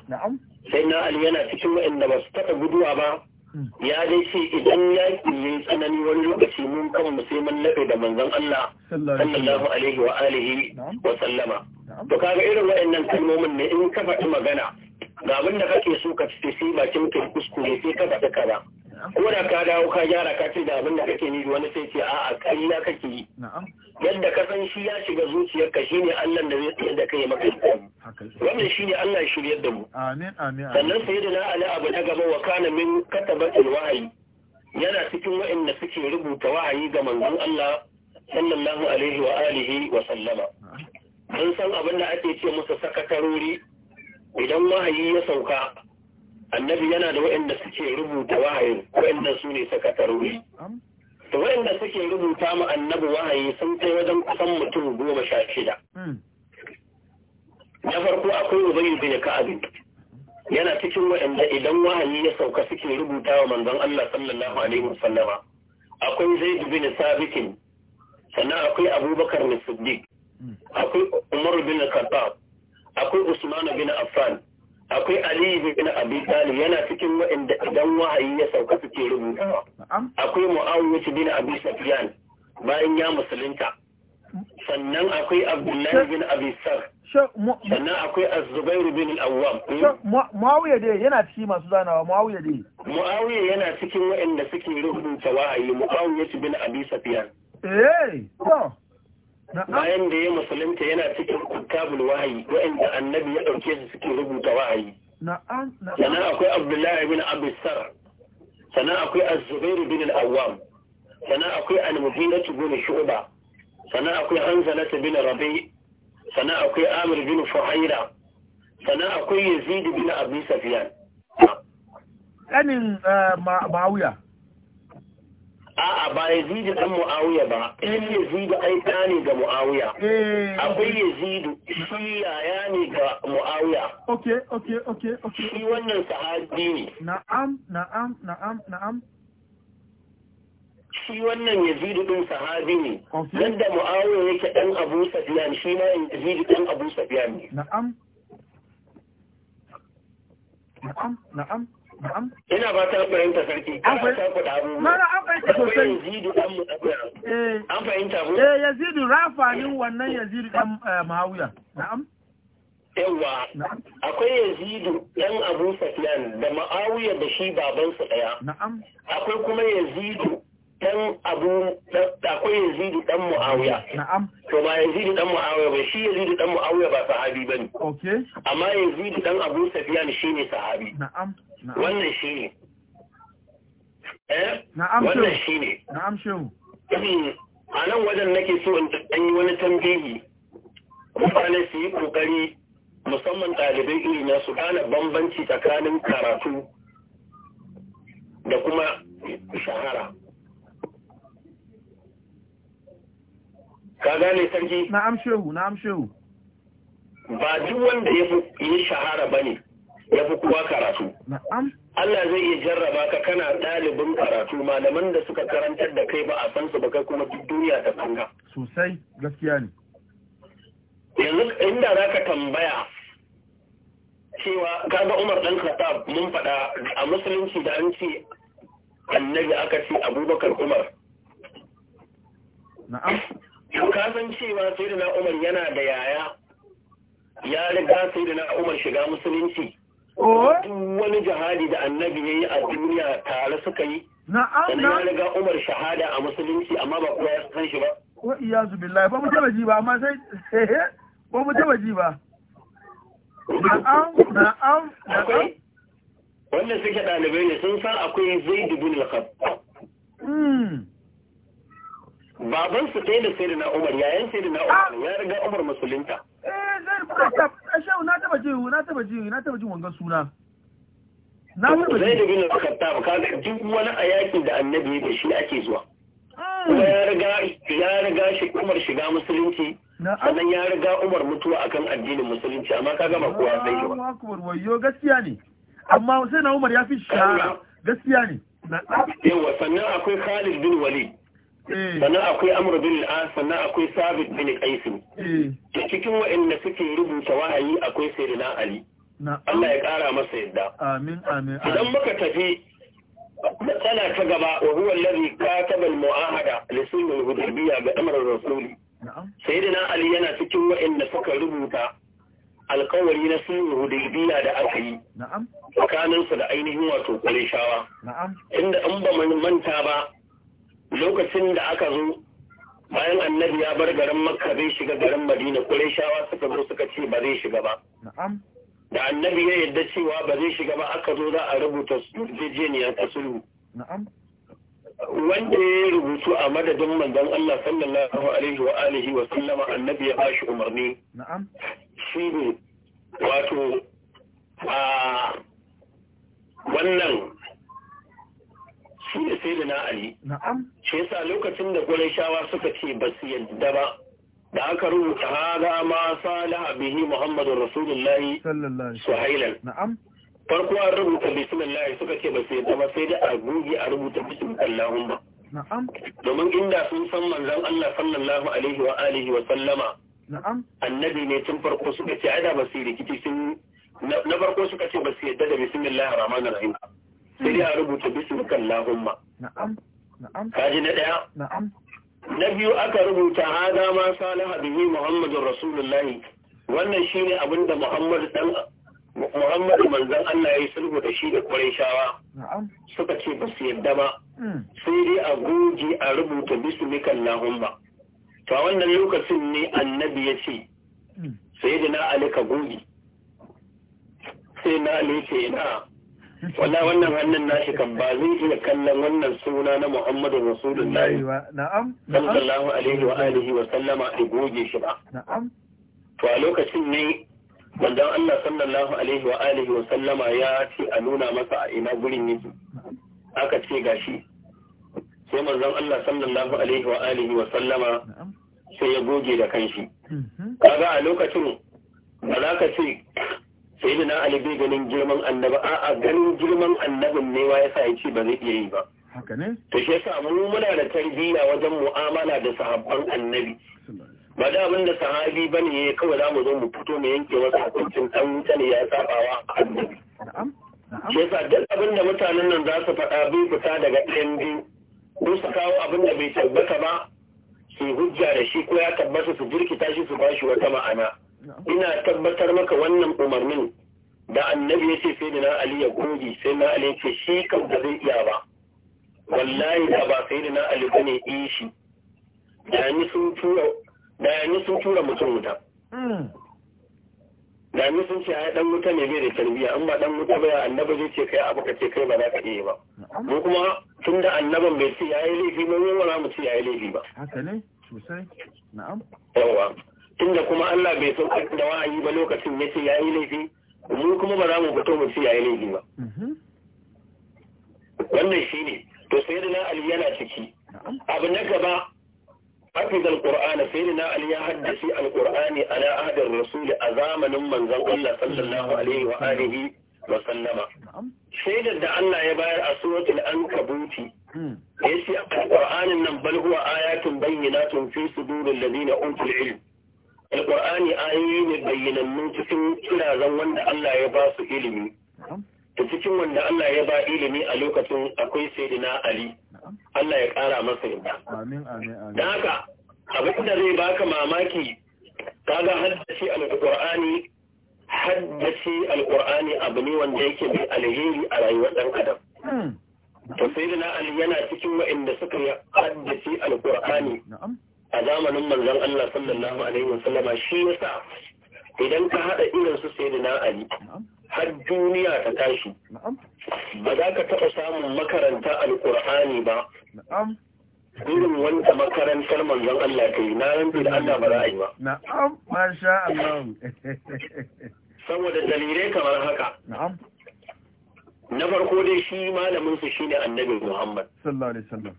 Sai na Ali yana cikin waɗanda ba su taɓa guduwa ba, hmm. ya dai ce idan yaƙi ya tsanani wani lokaci mun kan mu sai mun laɓe da manzon Allah sallallahu alaihi wa alihi wa sallama. To kaga irin waɗannan kalmomin ne in ka faɗi magana ga abin da kake so ka ce sai bakin kai kuskure sai ka faɗi kaza. ko da ka dawo ka gyara ka ce da abin da kake nufi wani sai ce a'a na kake yi yadda ka san shi ya shiga zuciyarka shine Allah da zai tsaye da kai maka wannan shine Allah ya shiryar da mu amin amin sannan sayyidina Ali abu na gaba wa kana min wahayi yana cikin wa'anda suke rubuta wahayi ga manzon Allah sallallahu alaihi wa alihi wa sallama an san abin da ake ce musu sakatarori idan wahayi ya sauka annabi yana da waɗanda suke rubuta ko waɗanda su ne sakatarori da waɗanda suke rubuta mu annabi wahayi sun kai wajen kusan mutum goma sha shida hmm. na farko akwai ubayi bin ka'abi yana cikin waɗanda idan wahayi ya sauka suke rubuta wa manzon Allah sallallahu alaihi wasallama akwai zaid bin sabit sannan akwai abubakar bin siddiq hmm. akwai umar bin khattab akwai usman bin affan akwai aliyu bin abi talib yana cikin waɗanda idan wahayi ya sauka suke rubutawa akwai mu'awiyah bin abi sufyan bayan ya musulunta sannan akwai abdullahi bin abi sar sannan akwai az-zubair bin al-awwam muawiya dai yana cikin masu zanawa muawiya dai muawiya yana cikin waɗanda suke rubuta wahayi muawiya bin abi sufyan eh bayan da ya musulunta yana cikin kitabul wahayi wa'anda annabi ya dauke su suke rubuta wahayi sannan akwai abdullahi bin abisar sannan akwai az-zubair bin al-awwam sannan akwai al-mughira bin shu'ba sannan akwai hanzala bin rabi sannan akwai amir bin fuhaira sannan akwai yazid bin abi sufyan kanin eh, ma'awiya a'a ba yazidu dan muawiya ba in yazidu ai tani ne ga muawiya hmm. akwai yazidu shi yaya ne ga muawiya okay okay okay okay shi wannan sahabi ne na'am na'am na'am na'am shi wannan yazidu din sahabi ne da muawiya yake dan abu sufyan shi ma yazidu dan abu sufyan ne na'am na'am na'am Ina ba ta fahimta sarki. An fahimta abubuwa. Mara an fahimta sosai. Akwai Yazidu ɗan Mu'awiya. Eh. An fahimta ko? Eh Yazidu rafanin wannan Yazidu ɗan eh, Mu'awiya. Na'am. Yawwa. Akwai Yazidu ɗan Abu Sufyan da Mu'awiya da shi babansu ɗaya. Na'am. Akwai kuma Yazidu dan abu akwai yazidu dan muawiya na'am to ba yazidu dan muawiya ba shi yazidu dan muawiya ba sahabi bane okay amma yazidu dan abu sufyan shine sahabi na'am wannan shine eh na'am wannan shine na'am shehu a nan wajen nake so in dan yi wani tambayi mutane su yi kokari musamman ɗalibai iri na su gane bambanci tsakanin karatu da kuma shahara ka gane sarki na'am shehu na'am shehu ba duk wanda ya yi shahara bane ya fi kowa karatu na'am Allah zai iya jarraba ka kana ɗalibin karatu malaman da suka karantar da kai ba a san su ba kai kuma duk duniya ta tsanga sosai gaskiya ne yanzu inda za ka tambaya cewa kaga Umar dan Khattab mun faɗa a musulunci da an ce annabi aka ce Abubakar Umar na'am to ka san cewa sayyidina Umar yana da yaya ya riga sayyidina Umar shiga musulunci duk wani jihadi da annabi yayi a duniya tare suka yi na'am ya riga Umar shahada a musulunci amma ba kowa ya san shi ba wa iyazu billahi ba mu taba ji ba amma sai eh, ba mu taba ji ba na'am na'am na'am suke ɗalibai ne sun san akwai zaid bin al-khattab hmm. baban su kai da sai na umar yayan sai na umar ah! ya riga umar musulunta eh zai buka shau na taba jin na taba jin na taba jin wangan suna na taba jin zai da bin khattab kaga duk wani a yakin da annabi da shi ake zuwa ah! kuma ya riga ya riga shi umar shiga musulunci sannan ya riga umar mutuwa akan addinin musulunci amma kaga ba kowa sai shi ba akbar wayo gaskiya ne amma sai na umar ya fi shahara gaskiya ne yawa sannan akwai Khalid bin Walid Eh. sannan akwai amur bin sannan akwai sabit bin qais eh. da cikin waɗanda suke rubuta wahayi akwai sayyidina ali Allah ya kara masa yadda amin amin idan muka tafi matsala ta gaba wa huwa alladhi kataba al-mu'ahada li sulh al-hudaybiyya bi amr ar-rasul sayyidina ali yana cikin waɗanda suka rubuta alkawari na sulh hudaybiyya da aka yi tsakaninsu da ainihin wato qurayshawa inda an ba manta ba lokacin da aka zo bayan annabi ya bar garin makka zai shiga garin madina shawa suka zo suka ce ba zai shiga ba da annabi ya yadda cewa ba zai shiga ba aka zo za a rubuta jejeniyar ta sulhu wanda ya rubutu a madadin manzon Allah sallallahu alaihi wa alihi wa sallama annabi ya bashi umarni shi ne wato a wannan shi ne sai da na ali na'am shi yasa lokacin da shawa suka ce ba su yadda ba da aka rubuta hada ma salaha bihi Muhammadu rasulullahi suhailan na'am farko an rubuta bismillah suka ce ba su yadda ba sai da a goge a rubuta bismillahumma na'am domin inda sun san manzon Allah sallallahu alaihi wa alihi wa sallama na'am annabi ne tun farko suka ce ai da ba su rikici sun na farko suka ce ba su yadda da bismillahir rahmanir rahim sai ya rubuta bismika Allahumma na'am na'am kaji na ɗaya. na'am na biyu aka rubuta haza ma salaha bihi muhammadun rasulullahi wannan shine abin da muhammad dan muhammad manzon Allah ya sulhu da shi da qurayshawa suka ce ba su yadda ba hmm. sai dai a goge a rubuta bismika Allahumma to a wannan lokacin ne annabi ya ce hmm. sai da na ali ka goge sai na ali ce wala wannan hannun nashi kan ba zai iya kallon wannan suna na Muhammadu Rasulullahi sallallahu alaihi wa alihi wa sallama a goge shi ba to a lokacin ne wanda Allah sallallahu alaihi wa alihi wa sallama ya ce a nuna masa a ina gurin yake aka ce gashi sai manzon Allah sallallahu alaihi wa alihi wa sallama sai ya goge da kanshi mm-hmm. kaga a lokacin ba za ka ce sai da na ali bai ganin girman annabi a'a ganin girman annabin ne wa yasa ya ce ba zai iya yi ba haka ne shi yasa mu muna da tarbiyya wajen mu'amala da sahabban annabi ba da abin da sahabi bane kawai za mu zo mu fito mu yanke wasu hukuncin dan wuta ne ya sabawa annabi shi yasa duk abin da mutanen nan za su faɗa bai fita daga ɗayan biyu ko su kawo abin da bai tabbata ba su hujja da shi ko ya tabbata su jirkita shi su bashi wata ma'ana ina tabbatar maka wannan umarnin da annabi ya ce sai da na ali ya goge sai na ali ce shi kan da zai iya ba wallahi da ba sai da na ali ne yi eh shi da ni sun tura mutum wuta mm. da ni sun ce ai dan wuta ne bai da tarbiyya an ba dan wuta bai annabi zai ce kai abu ka ce kai ba za ka iya ba mu kuma tun da annaban bai ce yi laifi ba mu ba mu ce laifi ba haka ne sosai na'am tunda kuma Allah bai san aikin da wa'ayi ba lokacin ya ce ya yi laifi mu kuma ba za mu fito mu ci ya yi laifi ba. Wannan shi ne, to sai Ali yana ciki. Abu na gaba, Hafiz al-Qur'an Ali ya haddace al-Qur'ani ala ahdar Rasul a zamanin manzon Allah sallallahu wa alihi wa sallama. Sai da Allah ya bayar a suratul Ankabuti. Hmm. Yace al-Qur'anin nan bal huwa ayatun bayyinatun fi sudurin ladina utul ilm. alƙur'ani ayoyi ne bayyanannun cikin kirazan wanda Allah ya ba su ilimi da cikin wanda Allah ya ba ilimi a lokacin akwai sayyidina Ali Allah ya ƙara masa yadda da haka abin da zai baka mamaki kaga haddace alƙur'ani haddace alƙur'ani abu ne wanda yake bi alheri a rayuwar ɗan adam hmm. to sayyidina Ali yana cikin wa'inda suka haddace alƙur'ani a zamanin manzon Allah sallallahu alaihi wasallama shi ya sa idan ka haɗa irin su sai na Ali har duniya ta tashi ba za ka taɓa samun makaranta alƙur'ani ba irin wanda makarantar manzon Allah ta yi na yanzu da Allah ba za a yi ba na'am masha Allah saboda dalilai kamar haka na'am na farko dai shi malamin su shine annabi Muhammad sallallahu alaihi wasallam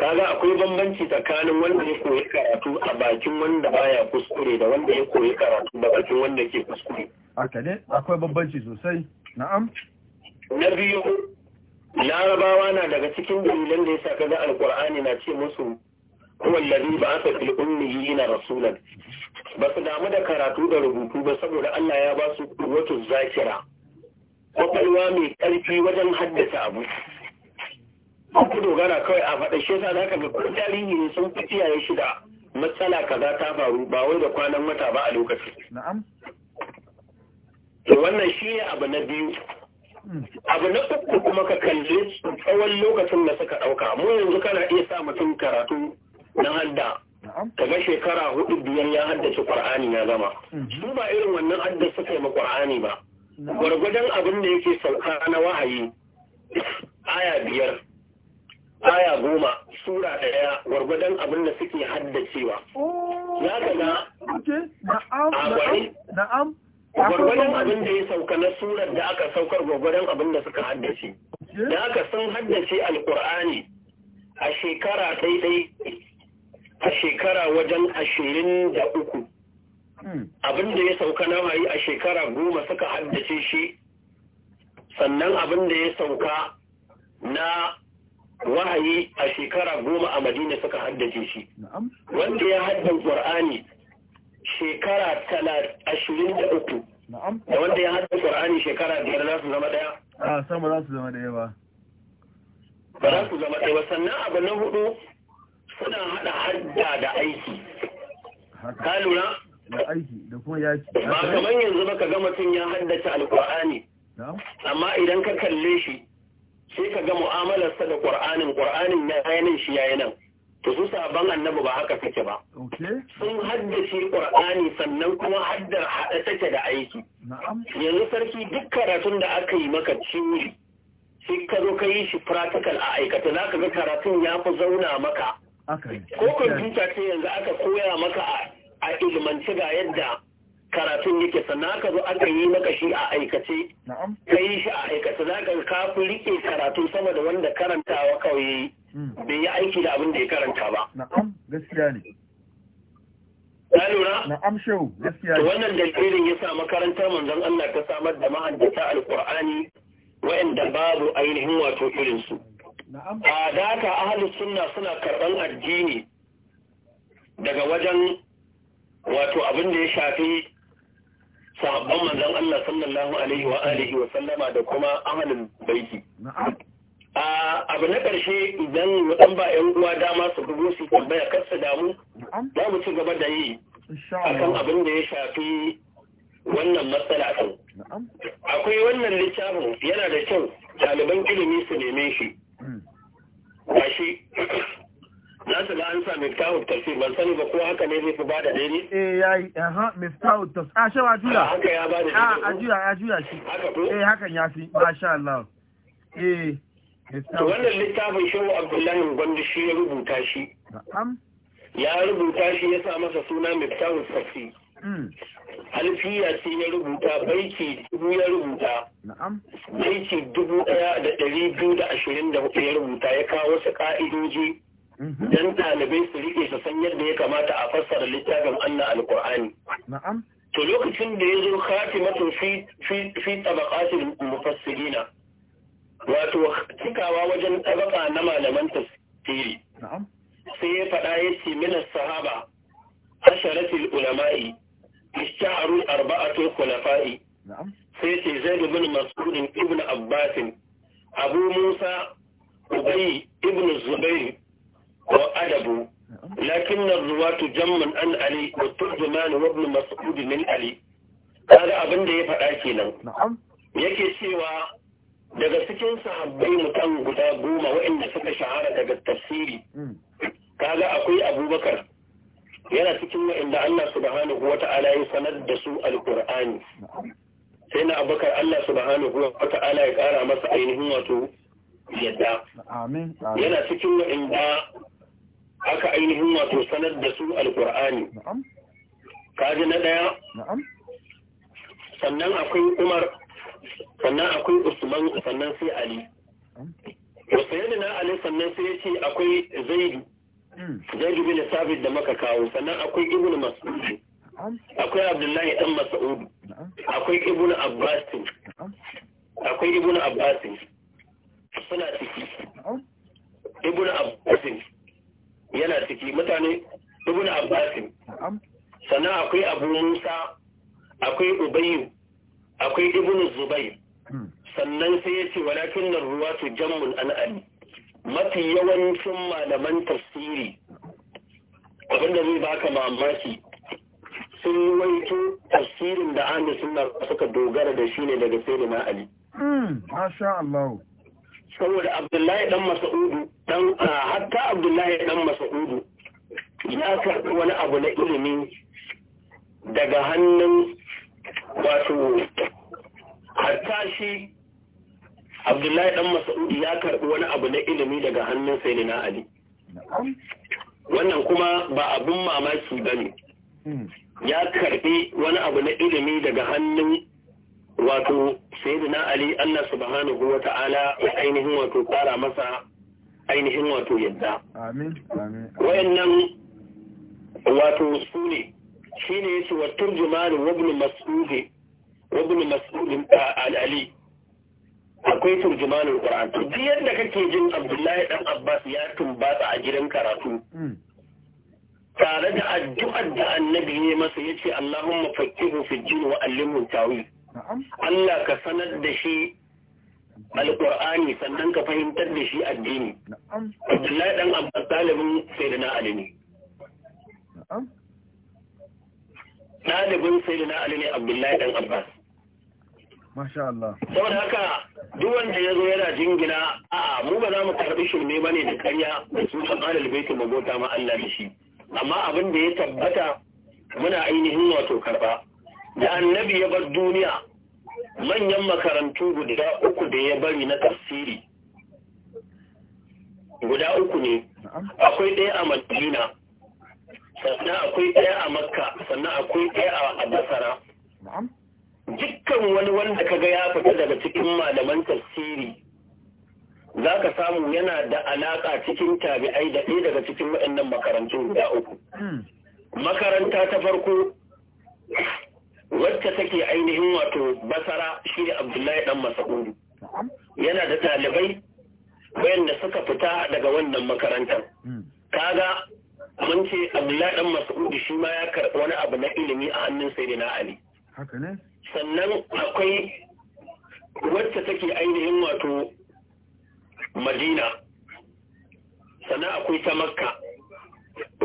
kaga akwai bambanci tsakanin wanda ya koyi karatu a bakin wanda baya kuskure da wanda ya koyi karatu da bakin wanda ke kuskure haka ne akwai bambanci sosai na'am na biyu larabawa na daga cikin dalilan da ya sa kaga alkur'ani na ce musu huwa allazi ba'atha fil na rasulan ba su damu da karatu da rubutu ba saboda Allah ya ba su kuwatu zakira kwakwalwa mai karfi wajen haddasa abu an dogara kawai a faɗa shi yasa ka ga ko tarihi ne sun fi kiyaye shi matsala kaza ta faru ba wai da kwanan wata ba a lokaci na'am to wannan shi ne abu na biyu hmm. abu na uku kuma ka kalli tsawon lokacin da suka ɗauka mu yanzu kana iya sa mutum karatu na hadda ga shekara hudu biyar ya haddace kur'ani ya gama hmm. su ba irin wannan hadda suka yi ma qur'ani ba gwargwadon abin da yake sauka na wahayi aya biyar aya goma sura ɗaya gwargwadon abin da suke haddacewa oh, ya gana na'am gwargwadon abin da ya sauka na surar da aka saukar gwargwadon abin da suka haddace da aka sun haddace alkur'ani a shekara daidai a shekara wajen ashirin da uku hmm. abin da ya sauka na wayi a shekara goma suka haddace shi sannan abin da ya sauka na wahayi a shekara goma a madina suka haddace shi wanda ya haddan qur'ani shekara ashirin da uku da wanda ya haddan qur'ani shekara biyar za su zama daya a sama za su zama daya ba ba za su zama daya ba sannan abu na hudu suna hada hadda da aiki ka lura da aiki da kuma yaki ba kamar yanzu ba ka ga mutum ya haddace alqur'ani amma idan ka kalle shi sai ka ga mu'amalarsa da ƙur'anin ƙur'anin na yanin shi yayi nan to su sabon annabi ba haka take ba sun haddace ƙur'ani sannan kuma haddar haɗa take da aiki yanzu sarki duk karatun da aka yi maka ciwuri sai ka zo ka yi shi practical a aikata za ka ga karatun ya fi zauna maka ko kwamfuta ce yanzu aka koya maka a ilmance ga yadda karatun yake sannan aka zo aka yi maka shi a aikace ka yi shi a aikace za ka ka rike karatu sama da wanda karantawa kawai hmm. bai yi aiki da abin da ya karanta ba na'am gaskiya ne ya lura na'am shehu gaskiya ne wannan dalilin ya sa makarantar manzon Allah ta samar da mahaddata alqur'ani wa'anda babu ainihin wato irin su a daga ahlus sunna suna karban addini daga wajen wato abin da ya shafi Sabon manzon Allah sallallahu alaihi wa alihi wa sallama da kuma ahalin baiti abu na ƙarshe idan wadan ba yan uwa dama su gugu su tambaya kar su damu za mu ci gaba da yi akan abin da ya shafi wannan matsala akwai wannan littafin yana da kyau ɗaliban ilimi su neme shi hmm. na ta ga an sa miftahu tafsir ban sani ba ko haka ne zai fi ba bada daidai eh yayi aha miftahu tafsir a ah, shawa juya ah, haka ya bada a ah, a juya a juya shi Haka ko? eh hakan ya fi masha Allah eh to wannan littafin shehu Abdullahi Gondi shi ya rubuta shi na'am ya rubuta shi ya sa masa suna miftahu tafsir hmm. alfiya ce ya rubuta baiki dubu ya rubuta baiki dubu ɗaya da ɗari biyu da ashirin da hudu ya rubuta ya kawo wasu ka'idoji Mhm. don ɗalibai su rike su san yadda ya kamata a fassara littafin Allah alƙur'ani. Na'am. To lokacin da ya zo khatimatun fi fi fi tabaqatil mufassirina wato cikawa wajen tabaka na malaman tafsiri. Na'am. Sai ya faɗa ya ce min sahaba asharatil ulama'i ishtaharu arba'atul khulafa'i. Na'am. Sai ce Zaid bin Mas'ud ibn Abbas Abu Musa Ubay ibn Zubair وأدب لكن الرواة جما عن علي والترجمان وابن مسعود من علي هذا أبن ده يفعل نعم yake cewa daga cikin sahabbai mutan guda goma waɗanda suka shahara daga tafsiri hmm. kaga akwai abubakar yana cikin waɗanda Allah subhanahu wa ta'ala ya sanar da su alkur'ani sai na abubakar Allah subhanahu wa ta'ala ya ƙara masa ainihin wato yadda yana cikin waɗanda aka ainihin wato sanar da su alkur'ani kaji na ɗaya sannan akwai umar sannan akwai usman sannan sai ali wasu na ali sannan sai ya ce akwai zaidu hmm. zaidu bin sabit da maka kawo sannan akwai ibn Mas'udu. akwai abdullahi dan Mas'udu. akwai ibn abbas akwai ibn abbas suna ciki ibn abbas yana ciki mutane ibn abbas sannan akwai abu musa akwai ubayyu akwai ibn zubayr hmm. sannan sai ya ce walakin nan ruwa su jammun an mafi yawancin malaman tafsiri abinda zai baka mamaki sun waito tafsirin da an da suna suka dogara da shi ne daga sai na ali. Hmm. Masha Allah. saboda abdullahi dan masa'udu dan ah, hatta abdullahi dan masa'udu ya karɓi wani abu na ilimi daga hannun wato hatta shi abdullahi dan masa'udu ya karɓi wani abu na ilimi daga hannun sayyidina ali wannan kuma ba abun mamaki ba ne hmm. ya karɓi wani abu na ilimi daga hannun wato sayyidina ali Allah subhanahu wa ta'ala ainihin wato kara masa ainihin wato yadda wayannan wato su ne shi ne yace wa turjuman ibn mas'ud ibn mas'ud al-ali akwai turjuman al-qur'an to duk yadda kake jin Abdullahi dan Abbas ya tumbatsa a gidan karatu hmm. tare da addu'ar da annabi ya masa yace Allahumma faqihu fi jini wa allimhu tawil Allah ka sanar da shi alƙur'ani sannan ka fahimtar da shi addini Abdullahi ɗan Abbas ɗalibin Sayyidina Ali ne ɗalibin Sayyidina Ali ne Abdullahi ɗan Abbas Masha Allah. Saboda haka duk wanda ya zo yana jingina a mu ba za mu karɓi shirme ba ne da karya da su san alal baitin magota ma Allah da shi. Amma abin da ya tabbata muna ainihin wato karɓa. da annabi ya bar duniya manyan makarantu guda uku da ya bari na tafsiri guda uku ne akwai ɗaya a madina sannan akwai ɗaya a makka sannan akwai ɗaya a basara dukkan wani wanda kaga ya fita daga cikin malaman tafsiri za ka samu yana da alaƙa cikin tabi'ai da ɗaya daga cikin waɗannan makarantu guda uku hmm. makaranta ta farko wacce take ainihin wato basara shi ne abdullahi dan masa'udu yana da talibai wayanda suka fita daga wannan makarantar hmm. kaga mun ce abdullahi dan mas'udi shi ma ya karɓi wani abu na ilimi a hannun na ali sannan akwai wacce take ainihin wato madina sannan akwai ta makka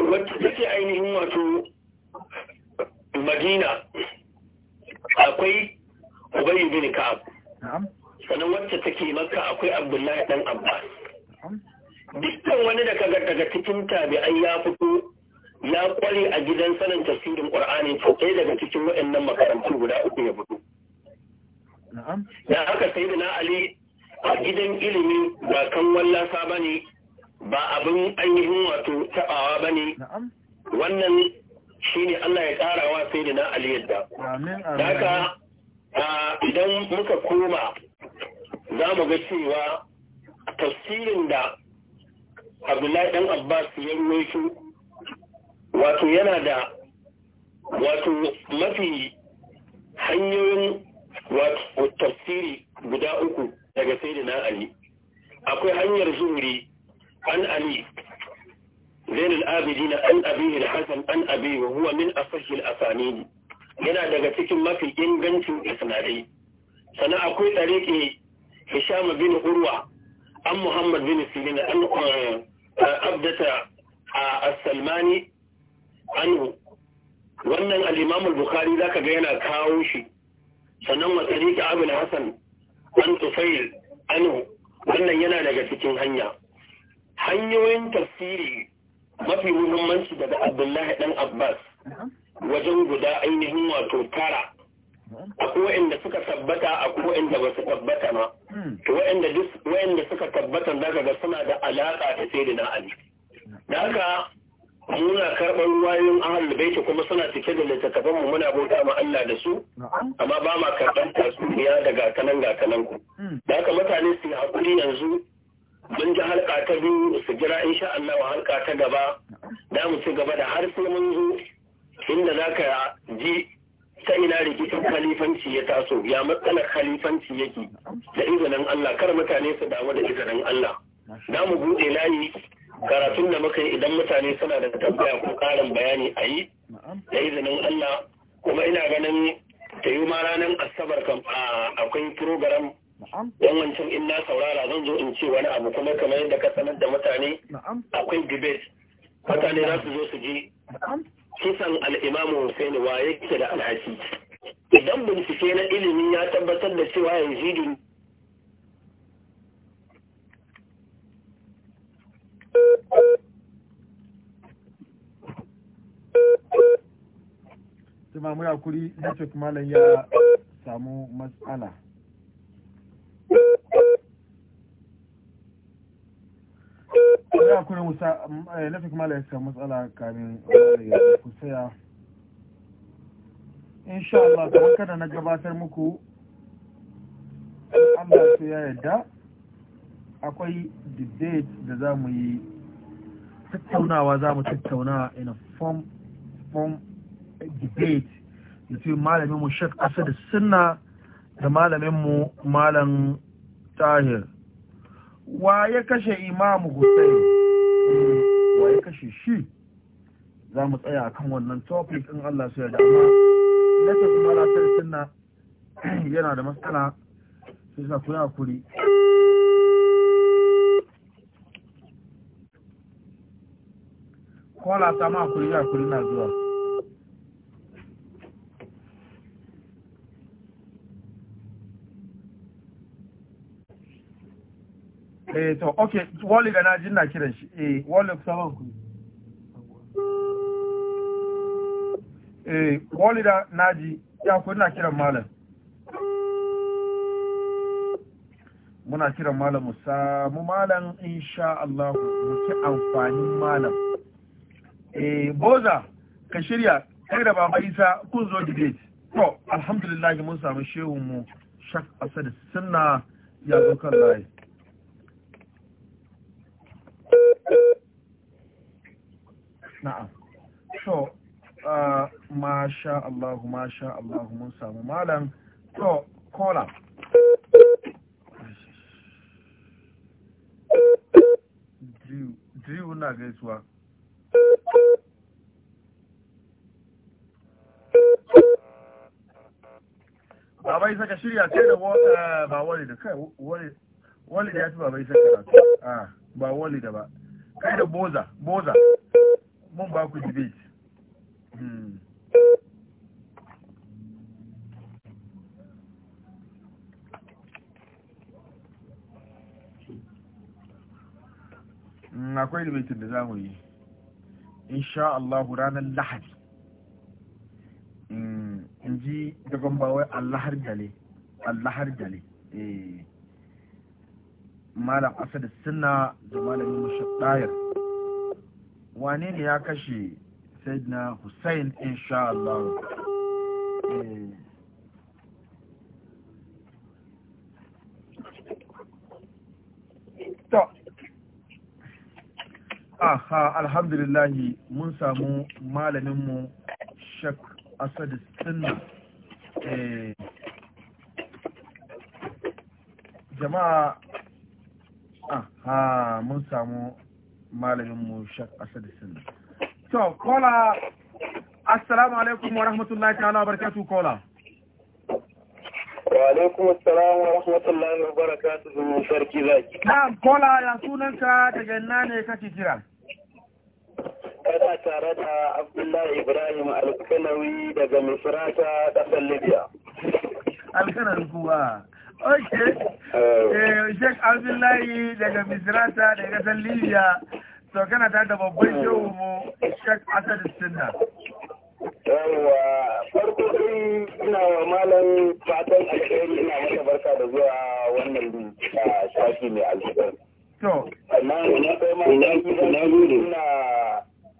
wacce take ainihin wato madina akwai Ubayi bin Ka'ab sannan wacce take maka akwai Abdullahi dan Abbas dukkan wani da kaga daga cikin tabi'ai ya fito ya kware a gidan sanin tafsirin Qur'ani to kai daga cikin waɗannan makarantu guda uku ya fito da haka sai na Ali a gidan ilimi ba kan wallasa ne, ba abin ainihin wato ba bane wannan shine Allah ya ƙara wa sai na Ali Daka idan muka koma za mu ga cewa tafsirin da Abdullahi ɗan Abbas ya ruwaito wato yana da wato mafi hanyoyin wato tafsiri guda uku daga sai na Ali. Akwai hanyar zuri an Ali zain al-abidin an abihi al-hasan an abi wa huwa min asahhi al yana daga cikin mafi ingancin isnadai sannan akwai tsariki hisham bin urwa an muhammad bin sirin an abdata as-salmani anhu wannan al-imam al-bukhari zaka ga yana kawo shi sannan wa tsariki abul hasan an tufail anhu wannan yana daga cikin hanya hanyoyin tafsiri mafi muhimmanci daga abdullahi dan abbas wajen guda ainihin wato tara akwai waɗanda suka tabbata akwai waɗanda ba su tabbata ma to wa'inda duk waɗanda suka tabbata daga ga suna da alaƙa da sai na ali da haka muna karɓar wayoyin ahlul baiti kuma suna cike da littattafan mu muna bauta ma Allah da su amma ba ma karɓar tasuniya daga kanan ga kanan ku hmm. da haka mutane su hakuri yanzu mun ji halka ta biyu su jira insha Allah halka ta gaba da mu ci gaba da har sai mun zo inda za ka ji ta ina rikicin khalifanci ya taso ya matsalar khalifanci yake da izinin Allah kar mutane su damu da izinin Allah da mu buɗe layi karatun da muka yi idan mutane suna da tambaya ko karin bayani a yi da izinin Allah kuma ina ganin ta yi ma ranar asabar akwai program Don wancan in na saurara zan zo in ce wani abu kuma kamar yadda ka sanar da mutane akwai debate. Mutane za su zo su ji kisan al'imamu Hussein wa yake da alhaki. Idan bincike na ilimi ya tabbatar da cewa yanzu Tuma muna kuri network malam ya samu matsala. kuna musa mm, eh, fi kuma da samu matsala kamin ku saya insha Allah kamar kada na gabatar muku Allah su ya yarda akwai debate da za mu yi tattaunawa za mu tattauna in a form form debate between malamin mu Sheikh Asad Sunna da malamin mu Malam Tahir wa ya kashe Imam Hussein kashe shi za mu tsaya a kan wannan topic in Allah su yada amma na tafi malatar sunna yana da matsala sai suna kuna kuri kola ta ma kuri ya kuri na zuwa eh to okay wali ga najin na kiran shi eh wali saman ku eh wali da naji ya ku na kiran malam muna kiran malam mu samu malam insha Allah mu ki amfanin malam eh boza ka shirya kai da baba Isa kun zo debate to alhamdulillah mun samu shehun mu shak asad sunna ya zo kan layi na'am to uh, masha Allah masha Allah mun samu malam to kola Drew na gaisuwa babai saka shirya ce da uh, ba wali da kai wali da ya fi babai saka ah, ba wali da ba kai da boza boza mun ba ku debate hmm. Hmm, akwai debatin da za mu yi insha Allah ranar lahadi hmm, in ji daban bawai allahar gale allahar gale eh. malam asad suna da malamin mashaɗayar wane ne ya kashe saidina hussein insha Allah eh. aha alhamdulillahi mun samu malaminmu shek asad sunna eh. jama'a aha mun samu malamin mu shak asad sunna to kola assalamu alaikum wa rahmatullahi ta'ala wa barakatuh kola alaikum assalam wa rahmatullahi wa barakatuhu sarki zaki na'am kola ya sunanka daga ina ne kake kira kada tare da abdullahi ibrahim alkanawi daga misrata kasar libya alkanar kuwa ok oh. eh, sheik abdullahi daga misrata da kasar libya to kana ta da babban oh. shehu mu sheik asad sunna yawwa farko dai ina wa malam fatan alheri ina masa barka da zuwa wannan ah, shafi mai alhibar to amma na kai ma na gode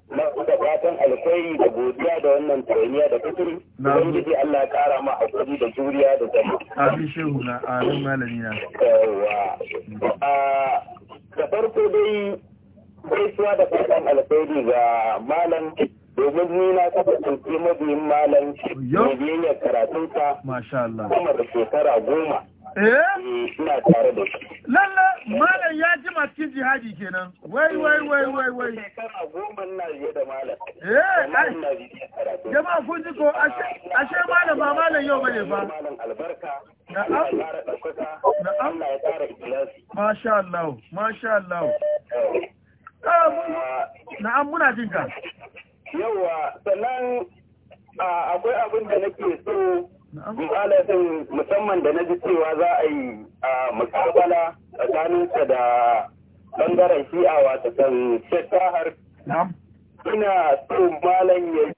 na fatan alkhairi da godiya da wannan tauniya da kuturi ubangiji Allah ya kara ma hakuri da juriya da zama amin shehu na amin malami na yawa mm. ah, da farko dai gaisuwa da fatan alkhairi ga malam domin ni na kasance mabiyin malam da biyayyar karatunsa kuma da shekara goma Eh? Mm, lalle malam ya ji cikin jihadi kenan wai wai wai wai wai eh, jama'a kun ji ko ashe malam ba malam yau bane na na'am na'am masha Allah masha Allah na'am muna jin ka yawa sannan akwai abin da nake so Malamin musamman da na ji cewa za a yi a mukabala tsakaninsa da bangaren shi'a wata kan shekahar. Ina so malam ya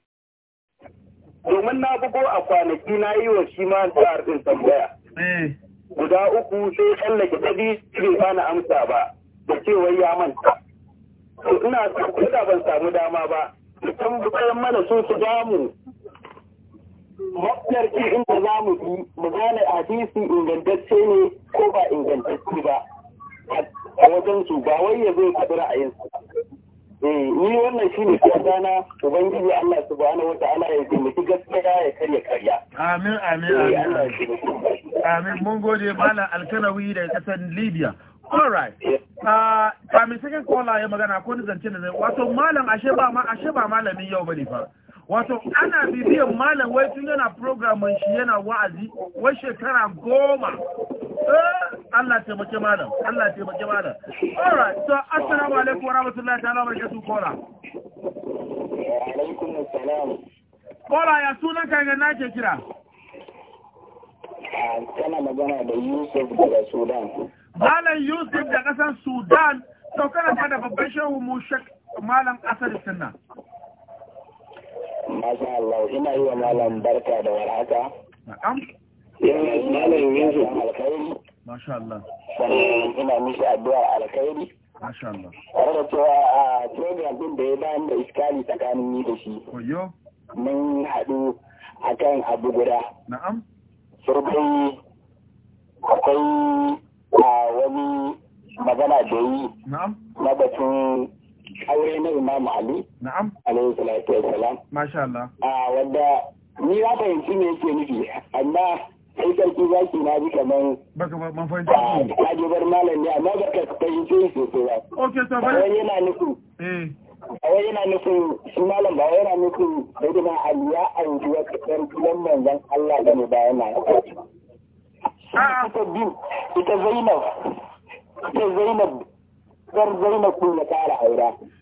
domin na bugo a kwanaki na yi wa shi ma tsar din tambaya. Eh. Guda uku sai tsallake ta shi bai bani amsa ba da cewa ya manta. ina so ban samu dama ba. Mutum bayan mana sun su damu matsar ki inda za mu bi mu gane hadisi ingantacce ne ko ba ingantacce ba a wajen su ba wai ya zo ka bi su. Eh, ni wannan shi ne fata na ubangiji Allah subhanahu wata ana ya taimaki gaskiya ya karya karya amin amin eh, amin amin mun gode malam alkanawi da kasar libya Alright. right uh, eh. ah, kamin second caller ya magana ko ni zance ne. wato malam ashe ba ma ashe ba malamin yau bane fa wato ana bibiyan malam wai tun yana programman shi yana wa'azi wai shekara goma eh, Allah taimake malam Allah taimake malam all right so assalamu alaikum wa rahmatullahi ta'ala wa barakatuh kola alaikum assalam kola ya sunan ka ga nake kira ah, kana magana da Yusuf daga Sudan malam Yusuf da kasan Sudan to kana da babban shehu mu shek malam asar sunna Masha Allah ina yi wa malam barka da warhaka. Yana malam yanzu alkhairi. Masha Allah. ina mishi addu'a alkhairi. Masha Allah. Tare da cewa a program din da ya bayan da iskali tsakanin ni da shi. Mun haɗu akan abu guda. Na'am. Surbai akwai a wani magana da yi. Na batun aure na Imamu Ali na'am Alayhi salatu wa salam. masha Allah Ah wanda ni na fahimci me yake nufi amma sai sarki zaki na ji kaman baka ba man fahimci ka ji bar malam ne amma baka fahimci sosai ba okay to ba yana nufi eh wai yana nufin shi malam ba yana nufin sai na ali a yanzu wata ɗan filan manzan Allah da ne ba yana ita bin ita Zainab ita Zainab dar Zainab kun ya kara aura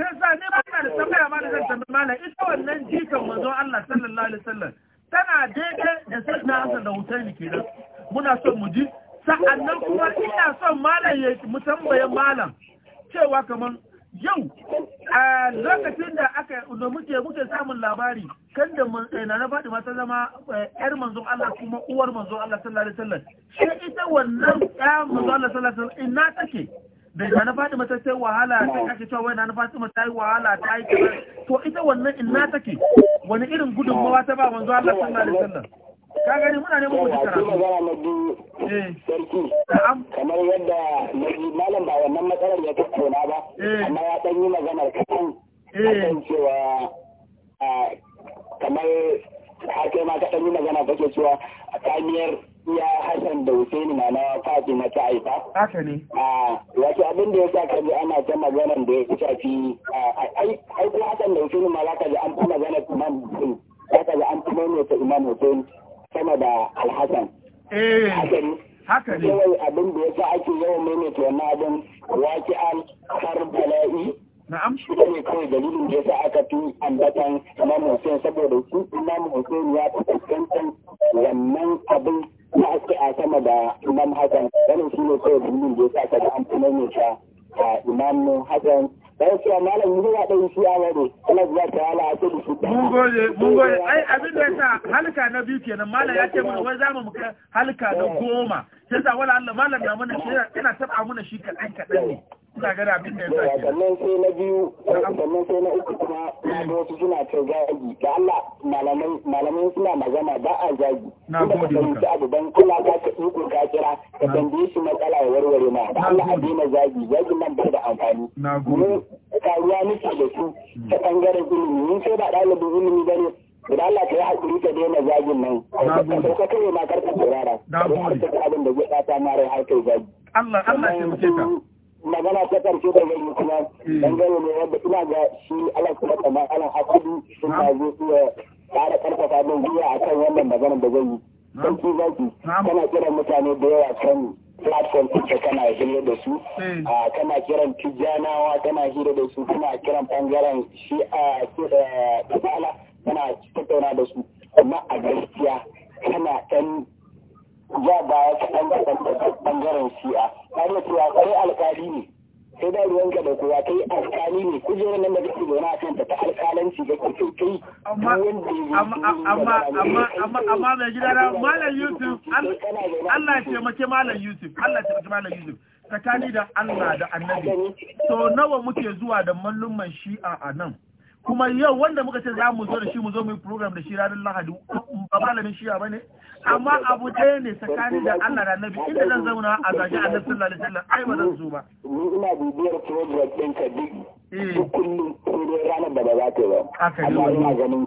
sai sa ne ba da tambaya ma da zan tambayi malam ita wannan jikan manzon Allah sallallahu alaihi wasallam tana daidai da sayyidina Hassan da Husaini kenan muna son mu ji sa'annan kuma ina son malam ya mu tambaye malam cewa kaman yau a lokacin da aka da muke muke samun labari kan da eh, na Fatima ta zama yar eh, manzon Allah kuma uwar manzon Allah sallallahu alaihi wasallam shi ita wannan ya manzon Allah sallallahu alaihi wasallam ina take da na Fatima ta sai wahala ta ake cewa wai na Fatima ta yi wahala ta yi kaza to ita wannan inna take wani irin gudunmawa ta ba wanzu Allah sallallahu alaihi wasallam ka gani muna neman mu karatu eh. sarki kamar yadda naji malam ba wannan matsalar ya tattauna ba eh. amma ya dan yi maganar eh. kan cewa kamar har kai ma ka dan yi magana kake cewa a taniyar ya Hassan da Hussaini Hussein na na ta haifa. Haka ne. Wato abin da ya sa kaji ana ta magana da ya shafi ai ko Hassan da Hussaini ma za ka ji an fi magana Imam Hussein. Za ka ji an fi ta Imam Hussein sama da Alhassan. Eh. Haka ne. Haka ne. Yawan abin da ya sa ake yawan maimaita wannan abin an har bala'i Na'am. Shi ne kawai dalilin da ya sa aka fi ambatan Imam Hussain saboda shi Imam Hussain ya fi fuskantar wannan abin kuma a a sama da imam hajjan wannan shi ne kawai dalilin da ya sa da an fi maimaita a imam hajjan dan cewa malam yanzu ya ɗan shi awa ne Allah ya ta hala a cikin shi mun gode mun gode ai abin da yasa halka na biyu kenan malam ya ce mana wai za mu halka na goma sai sa wala Allah malam na mana shi yana taba mana shi kaɗan kaɗan ne ina gada abin da ya sa ke sannan sai na biyu sannan sai na uku kuma na da wasu suna ta zagi da Allah malamai suna magana ba a zagi na gode maka abu dan kula ka ka tsoko ka kira ka tambaye shi matsala ya warware ma da Allah a daina zagi zagi nan ba da amfani na gode karuwa nake da su ta bangaren ilimi mun sai ba ɗalibin ilimi bane idan Allah ka yi haƙuri ka daina zagin nan ka kai ma karka saurara ka abin da zai ɗata mara har kai zagi Allah Allah ya mutunta magana ta karshe da zai yi kuma hmm. dangane ne wanda ina ga shi ala kuma kamar ala hakuri sun ba zai iya ƙara karfafa min a akan wannan magana da zai yi hmm. ki zaki hmm. kana kiran mutane da yawa kan platform ita kana hira da su ah, kana kiran tijjanawa kana hira da su kana kiran bangaren shi a kana tattauna da su amma a gaskiya kana ɗan za baya kaɗan kaɗan ɓangaren shi'a har da cewa kai alƙali ne sai da ruwanka da kowa kai alƙali ne kujerar nan da kake zaune a kanta ta alƙalanci da kake kai amma amma amma amma amma mai gida na malam yusuf Allah ya taimake malam yusuf Allah ya taimake malam yusuf tsakani da Allah da annabi To nawa muke zuwa da mallum'an shi'a a nan kuma yau wanda muka ce za mu zo da shi mu zo mu yi program da shi ranar lahadi ba malamin shi'a ba ne amma abu ɗaya ne tsakanin da Allah da Annabi inda zan zauna a zaji Annabi sallallahu alaihi wasallam ai ba zan zo ba ina bibiyar program ka duk eh. kullum kullum ranar da ba za ta ba amma ina ganin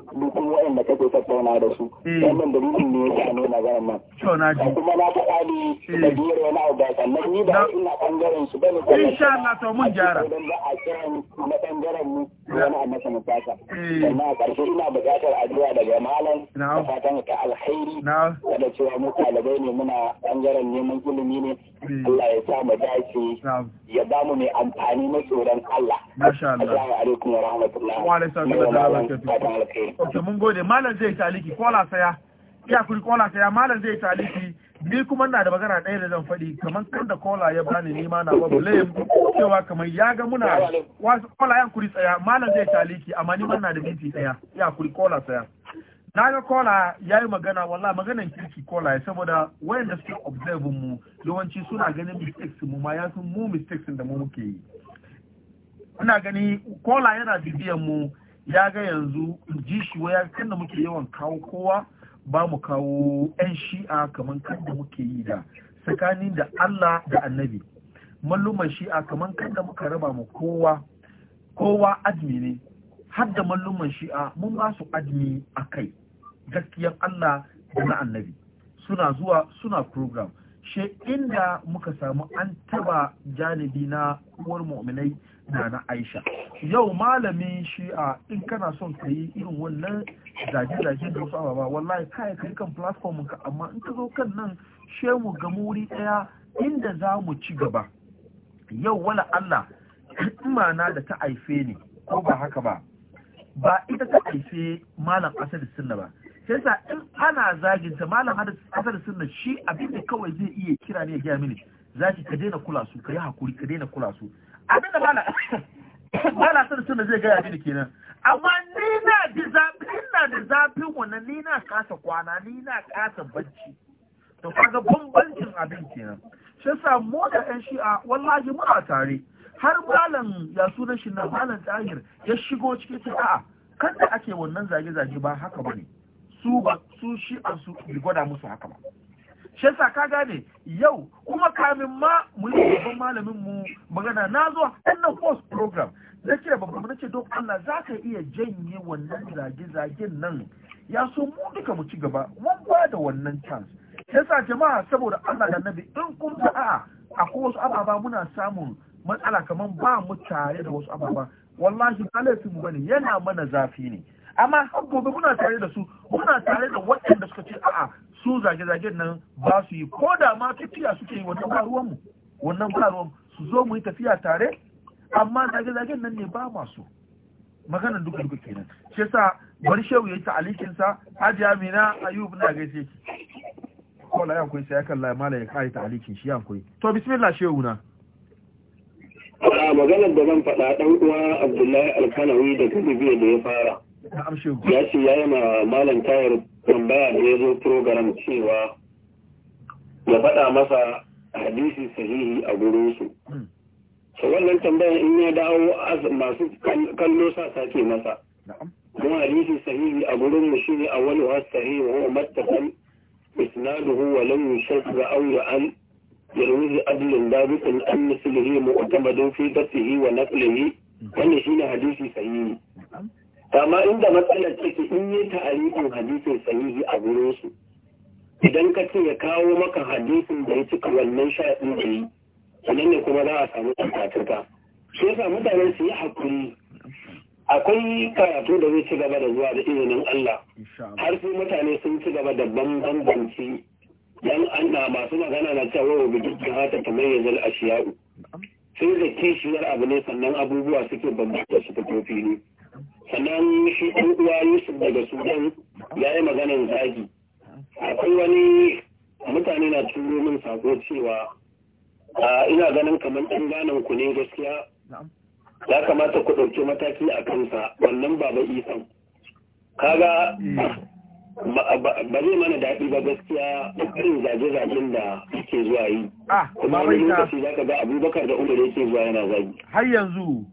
kake tattauna da su eh. wannan ne na nan kuma na faɗa ne eh. da biyar wani abu ni ba ina su bane insha Allah to mun dan za a kira na ɓangaren mu wani a masa mutaka a ƙarshe ina buƙatar addu'a daga malam fatan ka alkhairi kada cewa mu ɗalibai ne muna ɓangaren neman ilimi ne hmm. Allah ya sa mu dace ya ba mu mai amfani na tsoron Allah assalamu alaikum wa rahmatullahi wa alaikum wa rahmatullahi okay mun gode malam zai taliki kola saya ya kuri kola saya malam zai taliki ni kuma na da magana ɗaya da zan faɗi kamar kan da kola ya bani ni ma na babu layin cewa kamar ya ga muna wasu kola ya kuri tsaya malam zai taliki amma ni ma na da minti ɗaya ya kuri kola tsaya na ga kola ya yi magana walla maganan kirki kola ya saboda wayanda suke observe mu yawanci suna ganin mistakes mu ma ya sun mu mistakes da mu muke yi ina gani kola yana bibiyan mu ya ga yanzu ji shi waya kan da muke yawan kawo kowa ba mu kawo yan shi'a kaman kan da muke yi da tsakanin da Allah da annabi malluman shi'a kaman kan da muka raba mu kowa kowa admi ne har da malluman shi'a mun ba su admi a kai gaskiyar Allah da na annabi suna zuwa suna program she inda muka samu an taba janibi na uwar mu'minai da na Aisha yau malamin shi'a in kana son ka yi irin wannan zaje-zaje da wasu ababa wallahi kai ka kan platform ka amma in ka zo kan nan she mu ga muri daya inda za mu ci gaba yau wala Allah imana da ta haife ni ko ba haka ba ba ita ta haife malam asali sunna ba sai sa in ana zagin ta malam asar sunna shi abin da kawai zai iya kira ne ya gaya mini zaki ka daina kula su ka yi hakuri ka daina kula su abin malam malam asar sunna zai gaya mini kenan amma ni na da zafin na da zafin wannan ni na kasa kwana ni na kasa bacci to kaga bambancin abin kenan sai sa mu da yan shi'a wallahi muna tare har malam ya sunan shi na malam tahir ya shigo cikin a'a kan da ake wannan zage-zage ba haka bane su ba su shi a su gwada musu haka ba shi yasa ka gane yau kuma kamin ma mu yi babban malamin mu magana na zuwa ɗan post program na kira babban mu nace don Allah za ka iya janye wannan zage-zagen nan ya so mu duka mu ci gaba mun ba da wannan chance yasa jama'a saboda Allah da Nabi in kun a akwai wasu ababa muna samun matsala kamar ba mu tare da wasu ababa wallahi ba laifin mu bane yana mana zafi ne amma har gobe muna tare da su muna tare da waɗanda suka ce a'a su zage-zage nan ba su yi ko da ma tafiya suke yi wannan ruwan mu wannan ruwan su zo mu yi tafiya tare amma zage-zagen nan ne ba masu maganar duka duka kenan shi yasa bar shehu yayi ta'alikin sa Hajiya Amina Ayub na gaishe ki ko la koyi sai kan la mala ya kai ta'alikin shi koyi to bismillah shehu na a maganar da zan faɗa ɗan uwa Abdullahi Alkanawi da biyu da ya fara ya ce ya yi ma malam tayar tambaya da ya zo program cewa ya faɗa masa hadisi sahihi a gurinsu hmm. so wannan tambayar in ya dawo masu kallo sa sake masa kuma hadisi sahihi a gurin mu shine wani wasu sahihi wa huwa mattafan isnaduhu wa lam yushrak ba aw an yarwihi adlun dabitun an mu'tamadun fi dafihi wa naqlihi hmm. wannan shine hadisi sahihi amma inda matsalar take in yi ta'arikin hadisin sahihi a gurin su idan ka ce ya kawo maka hadisin da ya cika wannan sha'in da yi ne kuma za a samu tsantatarka shi yasa mutanen su yi hakuri akwai karatu da zai ci gaba da zuwa da izinin Allah har sai mutane sun ci gaba da bambanci dan masu magana na cewa wa bidu da hata yanzu ashiya'u sai da kishiyar abu ne sannan abubuwa suke bambanta su fito fili sannan shi ɗan uwa Yusuf daga Sudan ya yi maganar zagi akwai wani mutane na turo min sako cewa ina ganin kamar ɗan ganin ku ne gaskiya ya kamata ku ɗauki mataki a kansa wannan baba isan kaga ba zai mana daɗi ba gaskiya irin zage-zagen da yake zuwa yi ah, kuma wani lokaci za ka ga abubakar da umar yake zuwa yana zagi har yanzu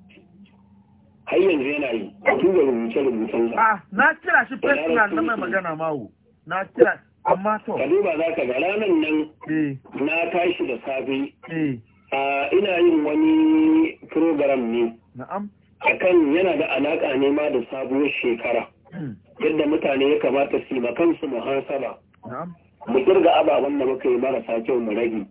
har yanzu yana yi a rubuce ah, na kira shi festival na mai magana mawo na kira amma to. ba za ka ga ranar nan eh. na tashi da safe. Eh. Ah, ina yin wani program ne. Akan yana da alaƙa ne ma da sabuwar shekara. Hmm. Yadda mutane ya kamata su ma kansu mu hasaba. Mu kirga ababen da muka yi marasa kyau mu rage.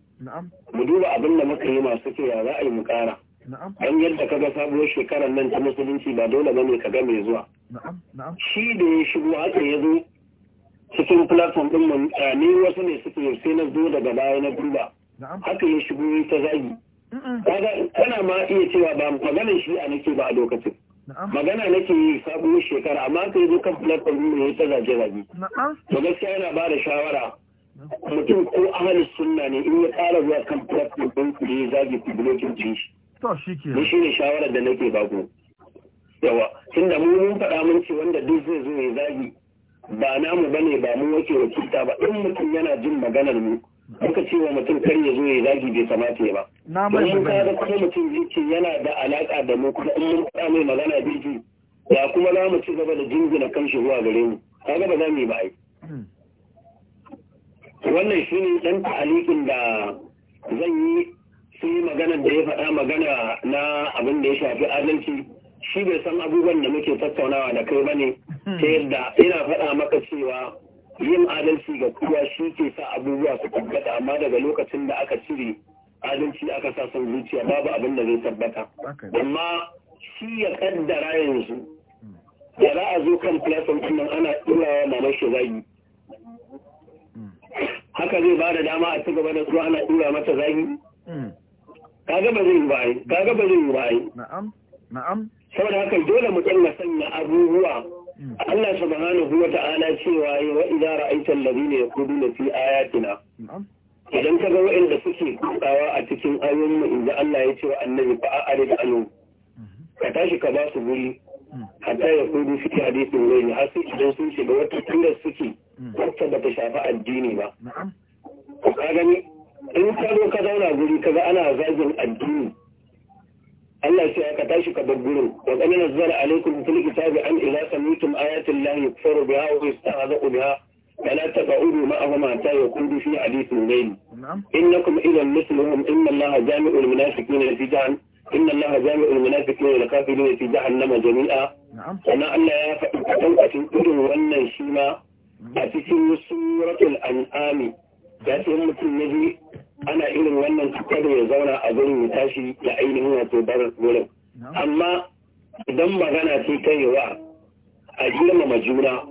Mu duba abin da muka yi masu kyau ya za a yi mu ƙara. Don yadda ga sabuwar shekarar nan ta musulunci ba dole ba ne ka ga mai zuwa shi da ya shigo aka ya zo cikin platform din mu ne wasu ne suke sai na zo daga baya na duba haka ya shigo ta zagi kaga kana ma iya cewa ba maganar shi a nake ba a lokacin magana nake yi sabuwar shekara amma ya zo kan platform din ya ta zage zage to gaskiya yana ba da shawara mutum ko ahalin sunna ne in ya ƙara zuwa kan platform din ku ya zage ku blokin jin shi to shi ke ni shawarar da nake baku yawa tunda mu mun faɗa mun ce wanda duk zai zo ya zagi ba namu bane ba mu wake wakilta ba in mutum yana jin maganar mu muka ce wa mutum kar ya zo ya zagi bai kamata ya ba domin ka ga kuma mutum zai ce yana da alaka da mu kuma in mun faɗa mai magana biyu ya kuma za mu ci gaba da jingina kanshi zuwa gare mu kaga ba za mu yi ba ai hmm. wannan shine dan ta'alikin da zan yi Sun yi maganan da ya faɗa magana na abin da ya shafi adalci shi bai san abubuwan da muke tattaunawa da kai bane ta yadda ina faɗa maka cewa yin adalci ga kowa shi ke sa abubuwa su tabbata amma daga lokacin da aka cire adalci aka sa son zuciya babu abin da zai tabbata amma shi ya kaddara yanzu da za a zo kan platform din ana ɗurawa mamar shi zagi hmm. haka zai ba da dama a ci gaba da zuwa ana ɗura mata zagi hmm. kaga ba zai ba kaga ba zai ba na'am na'am saboda haka dole mu dinga sanya abubuwa hmm. Allah subhanahu wa ta'ala cewa wa idza ra'aita alladhina yaquluna fi ayatina idan ka ga waɗanda suke kudawa a cikin ayoyin mu inda Allah ya ce wa annabi fa a'rid anhu hmm. ka tashi ka ba su guri hmm. hatta ya kudu suke hadisin ne har idan sun shiga wata turar suke wacce ba ta shafi addini ba ka gani in ka zo ka zauna guri ka ana zagin addini Allah ya ce ka tashi ka bar gurin wa qad nazzala alaykum fil kitabi an idza samitum ayati llahi yukfaru biha wa yusta'adhu biha fala tabu'u ma ahma ta yaqulu fi hadithin ghayr na'am innakum ila mithlihim inna allaha jami'ul munafiqina fi jahannam inna allaha jami'ul munafiqina wal kafirina fi jahannama jami'a na'am kuma Allah ya faɗi a cikin irin wannan shi ma a cikin suratul an'ami yin mutum ya ji ana irin wannan cutar ya zauna a gurin ya tashi ya ainihin wato bar wurin amma idan magana ce ta wa a girmama juna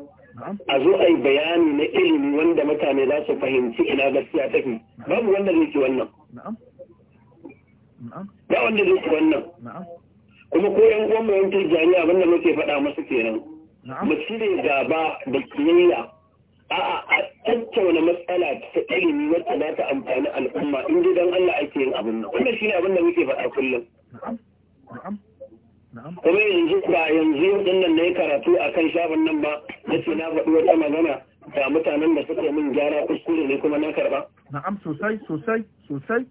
a zo a yi bayani na ilimi wanda mutane za su fahimci ina gaskiya take babu wanda zai ci wannan ba wanda zai ci wannan kuma ko yan uwan mu yanke jami'a wanda muke faɗa musu kenan mu cire gaba da kiyayya a'a a tattauna matsala ta ilimi wacce za ta amfani al'umma in gidan dan Allah ake yin abin nan wannan shine abin da muke faɗa kullum kuma yanzu ba yanzu dinnan na yi karatu a kan shafin nan ba na ce na faɗi wata magana ga mutanen da suka min gyara kuskure ne kuma na karba. na'am sosai sosai sosai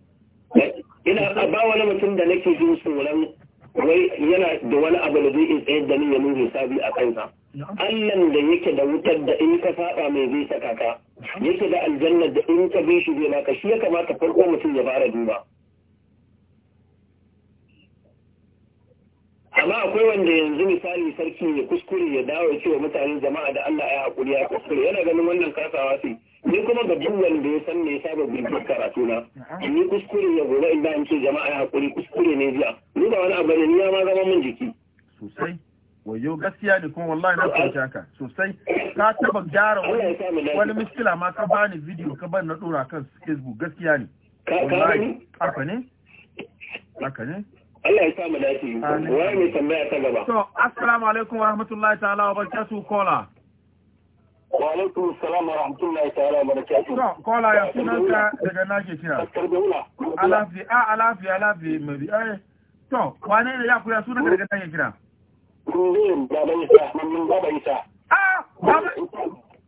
eh, ina ba wani mutum da nake jin tsoron wai yana da wani abu da zai iya tsayar da ni ya min hisabi a kansa Allahn da yake da wutar da in ka saba mai zai saka ka yake da aljannar da in ka bi shi zai maka shi ya kamata farko mutum ya fara duba amma akwai wanda yanzu misali sarki ya kuskure ya dawo cewa mutane jama'a da Allah ya haƙuri ya kuskure yana ganin wannan kasawa sai ni kuma ga duk wanda ya san me ya saba karatuna karatu na ni kuskure ya gobe inda an ce jama'a ya haƙuri kuskure ne jiya ni ba wani abu ne ni ya ma zama min jiki sosai wayo gaskiya ne kuma wallahi na fahimci haka sosai ka taba gyara wani miskila ma ka bani video ka bani na dora kan facebook gaskiya ne wallahi haka ne haka ne Allah ya sa mu dace wai mai tambaya ta gaba to assalamu alaikum wa rahmatullahi ta'ala wa barakatuh kola wa alaikum assalam wa rahmatullahi ta'ala wa barakatuh to kola ya ka daga Naje kira alafi a ah, alafi alafi mabi. ai eh. to wane ne ya kuya suna daga Naje kira Kullum baba isa, mamman baba isa. Ah,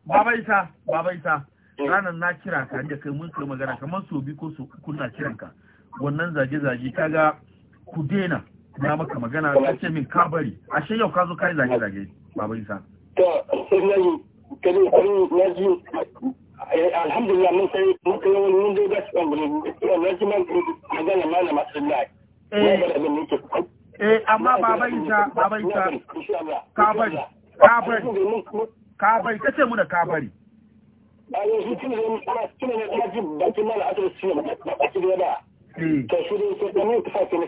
baba isa, baba isa. Ranar na kira ka da kai mun kai magana kamar so bi ko so uku na kiran ka. Wannan zage-zage kaga ku dena na maka magana ka ce min ka bari. Ashe yau ka zo kai zage-zage baba isa. To, sai na yi, na ji eh, alhamdulillah mun sai mun kai wani mun dai gaskiya mun na ji man magana malama sallah. Eh. eh amma baban ta baban ta kabari kabari kabari kace mu da kabari bayan shi tun zai ana tun ne ina jin bakin mala a da baki ba to shi dai sai da mun kasa ne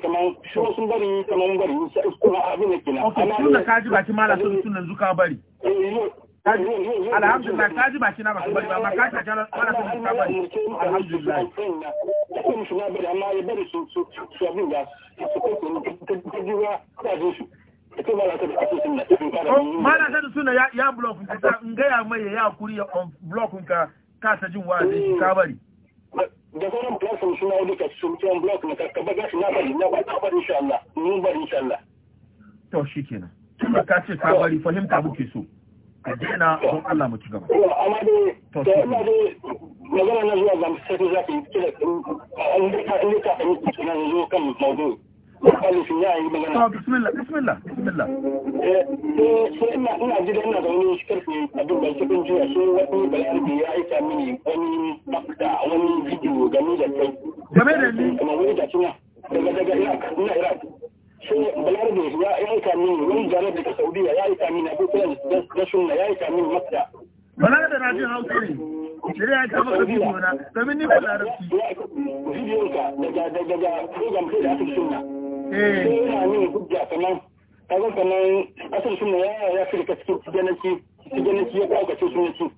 shi sun bari bari sai kuma abin ne kina ana tun da kaji bakin mala sun tun nan zuka bari eh, alhamdulillah ka ji baki na bari ba ta wala ta bari alhamdulillah oh, na bari amma ya bari su su su abin da su ko ko ta ji su Mala ta suna ya block ka in gaya mai ya kuri ya block ka ka ta jin wa ka a don Allah mu ci gaba. Amma dai da ina dai magana na zuwa ga sai za ka kira an dika an dika an dika na zo kan maudu. Alifin ya yi magana. Ah bismillah bismillah bismillah. Eh, eh sai ina ina ji da ina da wani shirki abin da cikin jiya sai wani bayani ya aika mini wani fakta wani bidiyo game da kai. Game da ni. Kamar wani da daga daga ina ina Iraq. balarabe ya yi kamin wani jarar daga saudiya ya yi kamin abu kulan da suna ya yi kamin makka balarabe na jin hausa ne shirya ya kama ka biyu na domin ni kula da su bidiyonka daga daga program eh. sai da asir sunna sai yana yin hujja kanan kagan kanan asir sunna ya ya fi da cikin cikin gwamnati ya kawo kace sun yasu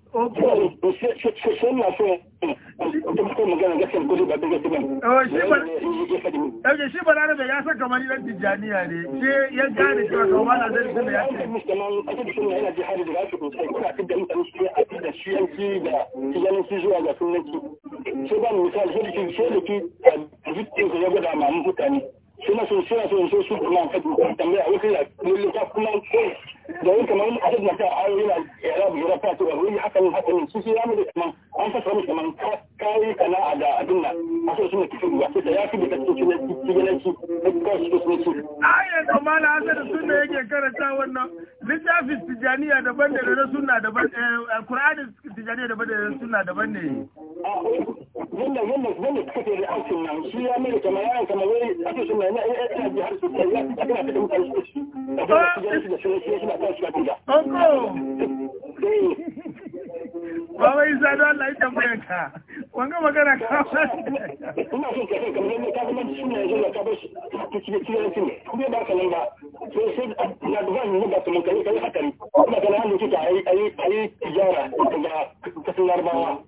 sun na so da eh, eh, kuma magana ga kan gudu ba da gaskiya ba oh, shi ba na da ya kamar ne shi ya gane cewa kawai ba na zai kuma ya ce a cikin sunna yana jihar da rafi sosai kuma cikin da mutane su ya ci da shiyanci da zuwa ga sunnaki sai ba misali sai da ke sai da ke a jikin ya gwada ma mutane suna so suna so so su kuma ka tambaya a ya mulli ta kuma ko da yi kamar a duk mata a ayoyi na yara bu yara fata wa wuri hakan ne su sai da kuma an fasa wani kamar kayi kana a da abin nan a so suna kifin ruwa sai ya fi da su su ne su ko su su su mala sun da yake karanta wannan littafin tijaniya daban da daban eh, tijaniya daban da daban ne da aikin nan ya mai kamar yaran kamar Baba Isa don Allah yi tambayar ka, wanga magana ka Ina son ka kamar yadda ka zama suna yanzu da ka bar shi ta cike cikin ne, ba ka nan ba, sai sai na da zan yi ba kamar kai kai hakari, kuma kana yi kika yi ayi yi tijara daga kasan larabawa.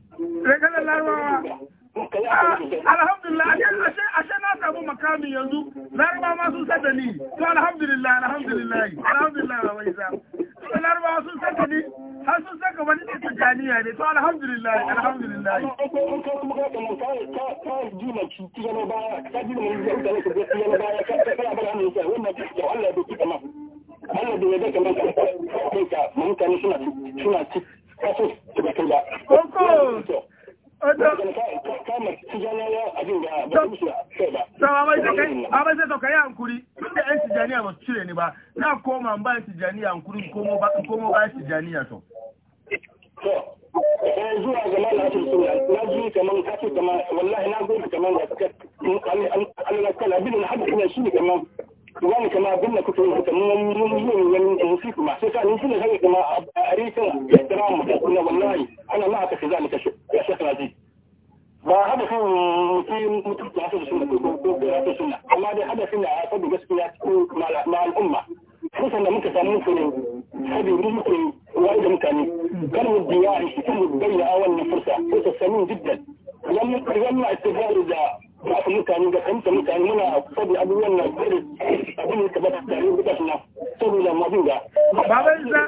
Daga larabawa. Alhamdulillah. yanzu laraba ma sun ni to alhamdulillah alhamdulillah alhamdulillah ba to ni har sun saka wani ne ne to alhamdulillah alhamdulillah Allah da ya daka kamar ka ka suna suna ci da ba. Abai sai to ka yi hankuri, da ‘yan Tijjaniya ba su ni ba, na koma ba ‘yan Tijjaniya hankuri ba ‘yan Tijjaniya to. eh zuwa ga malamin sunna na ji kaman kace kaman wallahi na gode kaman da suka Allah kala bin hadin shi kaman وذلك كما قلنا كنت من نسيت محسوسا نسينا زيك ما أريكم باحترام قلنا والله أنا ما أعتقد ذلك يا شيخ العزيز فهذا في في مثل ما تقول السنة أما هذا هذا في صدق بس مع مع الأمة خصوصا لما أنت تعمل في هذه ممكن وايد مكاني كانوا الديار يتم الدولة أول فرصة فرصة ثمين جدا لم يمنع استغلال إذا ba su mutane da kanta mutane muna a abubuwan na da abin da ba ta tare da na saboda mazin da baban za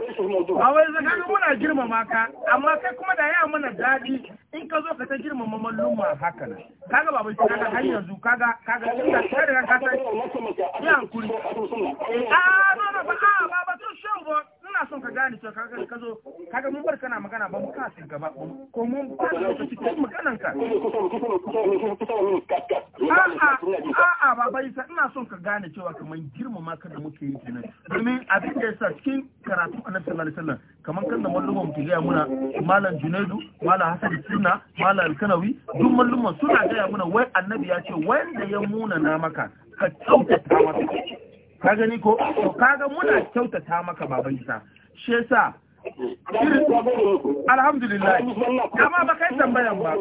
baban za kaga muna girmama ka amma kai kuma da ya mana daɗi in ka zo ka ta girmama malluma haka nan kaga baban za kaga har yanzu kaga kaga tun da kai da ka ta yi hankuri a no no ba a ba ba to shon ina son ka gane cewa kaga ka zo kaga mun bar kana magana ba mu kasa gaba ko mun ba ka ci ko maganan ka a'a bai sa ina son ka gane cewa kamar girmama ka da muke yi kenan domin abin da yasa cikin karatu annabi sallallahu alaihi wasallam kaman kan da mallumman mu gaya muna malam junaidu malam hasan sunna malam alkanawi duk mallumman suna gaya muna wai annabi ya ce wanda ya muna na maka ka kyautata masa ka gani ko kaga muna kyautata maka baban isa shi yasa alhamdulillah amma ba kai tambayan ba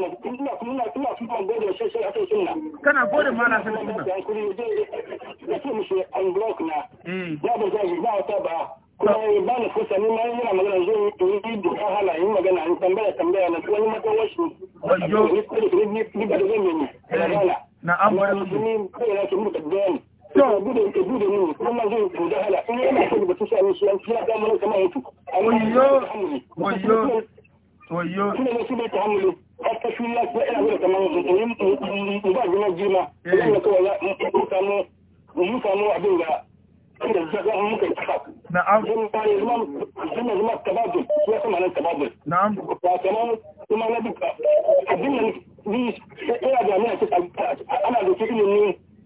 kana gode ma na sanin sunna kuma ba na kusa ni ma yana magana zo yi doka hala eh. yi magana in tambaya tambaya na wani matawashi ni ba da zan yi ni na'am wa ni kai na ke muka bayani yawan gudun ka gudun ne kuma zai ku da hala in yana so ba ta sami shi an fiya damar kamar yanzu wayo wayo kuma ne shi bai ta hamulu har ta shula ko ina gudun kamar yanzu to yin ba gina jima kuma kawai ya mu samu mu samu abin da inda zaga muka yi kafa na'am zan ba ya zama zan zama tababul ya sama nan tababul na'am ba kamar kuma na duka abin da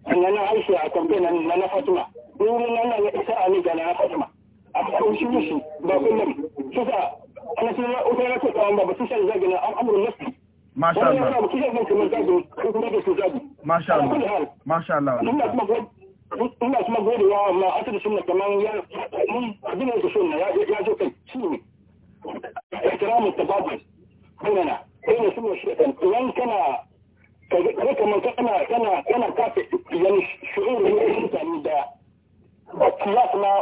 sannan na harshe a kamfe na na fatima wurin nan na ya isa ali ga na fatima a kan shi shi ba kullum su sa ana sun wata ya kuka wanda ba su san zagi na an amuru nasu Masha Allah. Wani kusa zan kamar zago ko kuma da su zago. Masha Allah. Masha Allah. Ina kuma gode wa Allah asir sunna kamar ya mun abin da sunna ya ya zo kai shi ne. Ihtiramu tabaddul. Kuma na. Kuma sunna shi kan kana kaga kamar kana kana kana kafa yan shi'ur ne mutane da kiyas na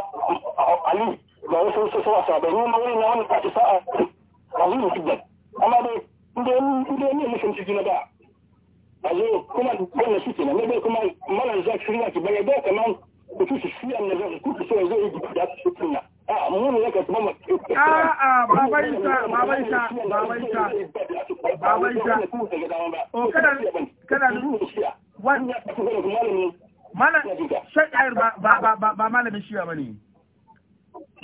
ali da wasu su sa sa da ruwan wani na wani kaci sa'a azumi amma dai inda inda ne mutum na da azo kuma wannan shi kenan ne dai kuma malan zaki shirya ki bayar da kaman ku ci shi annabi ku ci zai yi da su Ah, A'a, babansa, babansa, babansa, babansa. O, oh, kada, kada, wani, malam, shaɗayar ba malamin shiya ba ne.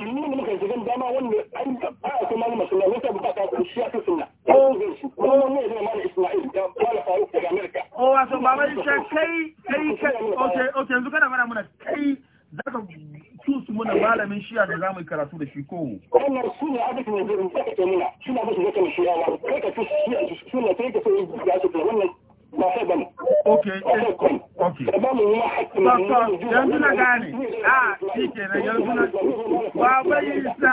Ni ne muka zigin dama wanda ba ba a kuma malamin suna, wata ko shiya ta suna. O, kuma ne zai malamin Ismail da ba Faruk daga Amerika. O, oh, wato, babansa, kai, kai, kai, ok, ok, kai, zaka su muna malamin shiya da za yi karatu da shi ko wannan su ne abin da zai ta shi kai ka shi kai ka ba sai bane yanzu na gane a yanzu na ba bai yanzu na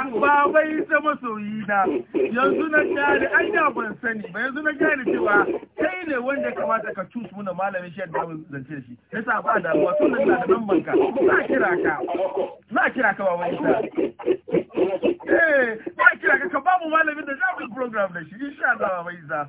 an sani ba yanzu na kai ne wanda ya ka cus muna malamin shi da zance da shi ba na ka na kira ka kira ka ba sa eh kira ka ka mu malamin da za mu program da shi insha Allah ba isa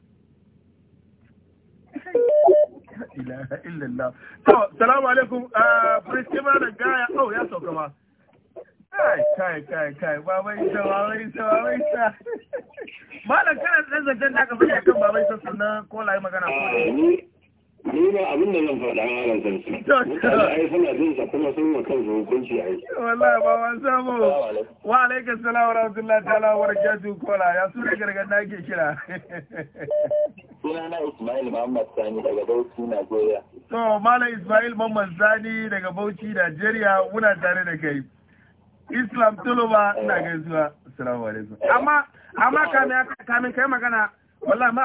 ilaha illallah to salamu alaikum uh, priscilla da gaya oh ya sauka ma kai kai kai kai babai sa babai sa babai sa malam kana dan zancan da aka fara kan babai sa sannan ko lai magana ko ni ba abin da zan faɗa a ran sarki mutane ai suna jin sa kuma sun wa kansu hukunci ai wallahi ba wan samu wa alaikum salam wa rahmatullahi ta'ala wa barakatuh kola ya su da gargada kira sunana Ismail Muhammad Sani daga Bauchi Nigeria to mala Ismail Muhammad Sani daga Bauchi Nigeria muna tare da kai Islam Tuluba ina eh. gaisuwa assalamu alaikum amma amma kamin kai magana wallahi